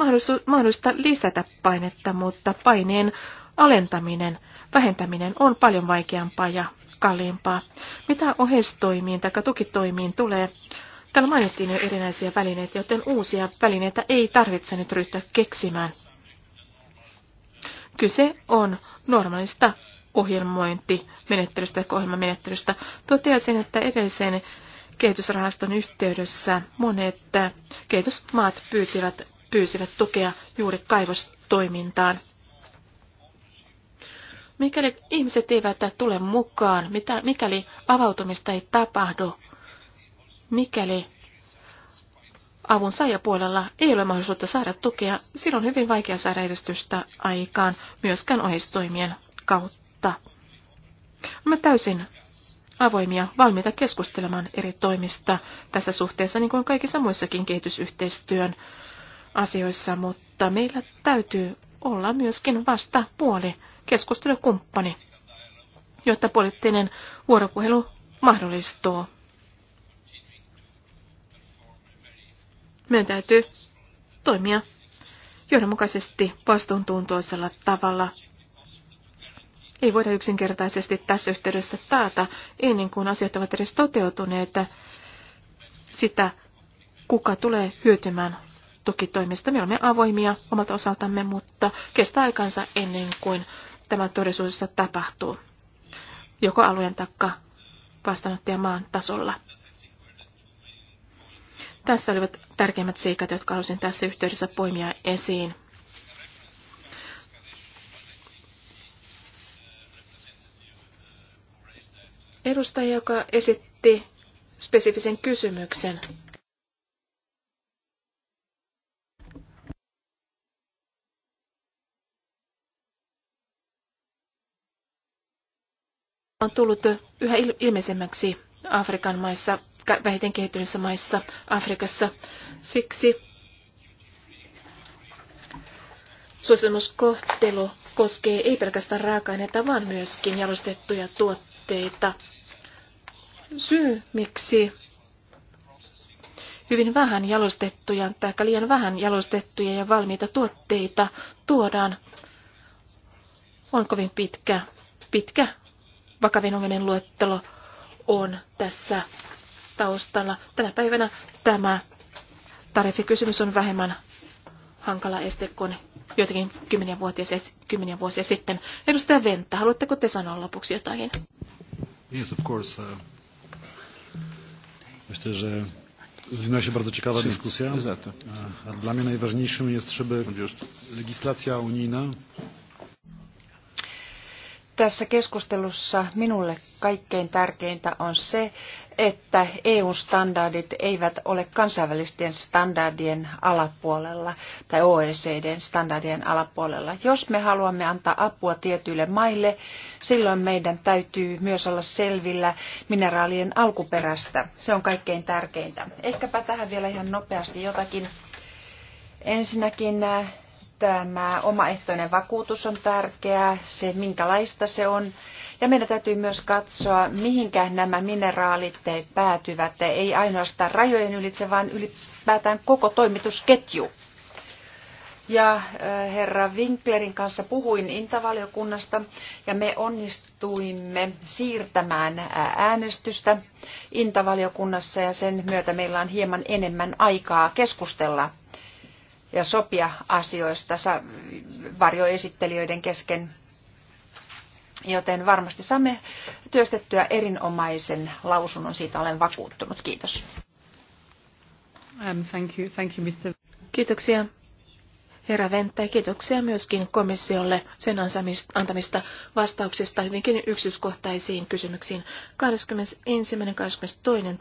mahdollista lisätä painetta, mutta paineen alentaminen, vähentäminen on paljon vaikeampaa ja kalliimpaa. Mitä oheistoimiin tai tukitoimiin tulee? Täällä mainittiin jo erinäisiä välineitä, joten uusia välineitä ei tarvitse nyt ryhtyä keksimään. Kyse on normaalista ohjelmointimenettelystä ja ohjelmamenettelystä. Toteaisin, että edelliseen kehitysrahaston yhteydessä monet kehitysmaat pyytivät, pyysivät tukea juuri kaivostoimintaan. Mikäli ihmiset eivät tule mukaan, mitä, mikäli avautumista ei tapahdu, mikäli avun saajapuolella ei ole mahdollisuutta saada tukea, silloin on hyvin vaikea saada edistystä aikaan myöskään oheistoimien kautta. Olemme täysin avoimia, valmiita keskustelemaan eri toimista tässä suhteessa, niin kuin kaikissa muissakin kehitysyhteistyön asioissa, mutta meillä täytyy olla myöskin vasta puoli keskustelukumppani, jotta poliittinen vuoropuhelu mahdollistuu. Meidän täytyy toimia johdonmukaisesti vastuuntuntoisella tavalla ei voida yksinkertaisesti tässä yhteydessä taata ennen kuin asiat ovat edes toteutuneet sitä, kuka tulee hyötymään tukitoimista. Me olemme avoimia omalta osaltamme, mutta kestää aikansa ennen kuin tämä todellisuudessa tapahtuu, joko alueen takka maan tasolla. Tässä olivat tärkeimmät seikat, jotka halusin tässä yhteydessä poimia esiin. edustaja, joka esitti spesifisen kysymyksen. on tullut yhä ilmeisemmäksi Afrikan maissa, vähiten kehittyneissä maissa Afrikassa. Siksi suositumuskohtelu koskee ei pelkästään raaka-aineita, vaan myöskin jalostettuja tuotteita tuotteita. Syy, miksi hyvin vähän jalostettuja tai liian vähän jalostettuja ja valmiita tuotteita tuodaan, on kovin pitkä, pitkä vakavin ongelmien luettelo on tässä taustalla. Tänä päivänä tämä tarifikysymys on vähemmän hankala este kuin joitakin kymmeniä, kymmeniä vuosia sitten. Edustaja Venta, haluatteko te sanoa lopuksi jotain Yes, of course. Uh, myślę, że zwinęła się bardzo ciekawa dyskusja. A dla mnie najważniejszym jest, żeby legislacja unijna tässä keskustelussa minulle kaikkein tärkeintä on se, että EU-standardit eivät ole kansainvälisten standardien alapuolella tai OECDn standardien alapuolella. Jos me haluamme antaa apua tietyille maille, silloin meidän täytyy myös olla selvillä mineraalien alkuperästä. Se on kaikkein tärkeintä. Ehkäpä tähän vielä ihan nopeasti jotakin. Ensinnäkin äh, tämä omaehtoinen vakuutus on tärkeää, se minkälaista se on. Ja meidän täytyy myös katsoa, mihinkä nämä mineraalit päätyvät, ei ainoastaan rajojen ylitse, vaan ylipäätään koko toimitusketju. Ja herra Winklerin kanssa puhuin Intavaliokunnasta ja me onnistuimme siirtämään äänestystä Intavaliokunnassa ja sen myötä meillä on hieman enemmän aikaa keskustella ja sopia asioista varjoesittelijöiden kesken. Joten varmasti saamme työstettyä erinomaisen lausunnon, siitä olen vakuuttunut. Kiitos. Um, thank you. Thank you, Mr. Kiitoksia herra Venttä kiitoksia myöskin komissiolle sen antamista vastauksista hyvinkin yksityiskohtaisiin kysymyksiin. 21. 22.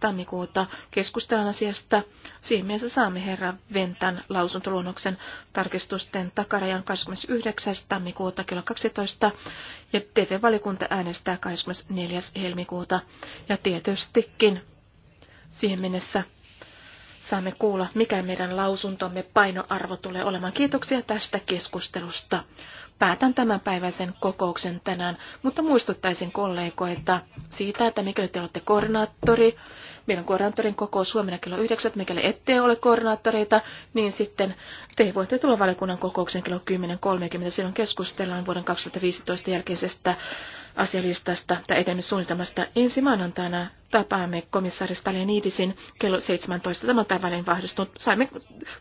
tammikuuta keskustellaan asiasta. Siinä mielessä saamme herra Ventan lausuntoluonnoksen tarkistusten takarajan 29. tammikuuta kello 12 ja TV-valikunta äänestää 24. helmikuuta. Ja tietystikin siihen mennessä saamme kuulla, mikä meidän lausuntomme painoarvo tulee olemaan. Kiitoksia tästä keskustelusta. Päätän tämän päiväisen kokouksen tänään, mutta muistuttaisin kollegoita siitä, että mikäli te olette koordinaattori, meillä on koordinaattorin kokous huomenna kello 9, mikäli ette ole koordinaattoreita, niin sitten te voitte tulla valiokunnan kokouksen kello 10.30. Silloin keskustellaan vuoden 2015 jälkeisestä asialistasta tai etenemissuunnitelmasta. Ensi maanantaina tapaamme komissaari Stalinidisin kello 17. Tämän päivän vahvistunut. Saimme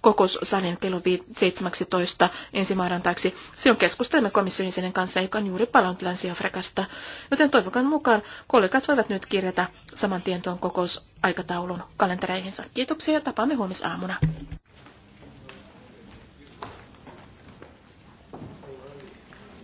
kokoussalin kello 17 ensi maanantaiksi. Silloin keskustelemme komission jäsenen kanssa, joka on juuri palannut Länsi-Afrikasta. Joten toivokan mukaan kollegat voivat nyt kirjata saman tien tuon kokousaikataulun kalentereihinsa. Kiitoksia ja tapaamme huomisaamuna.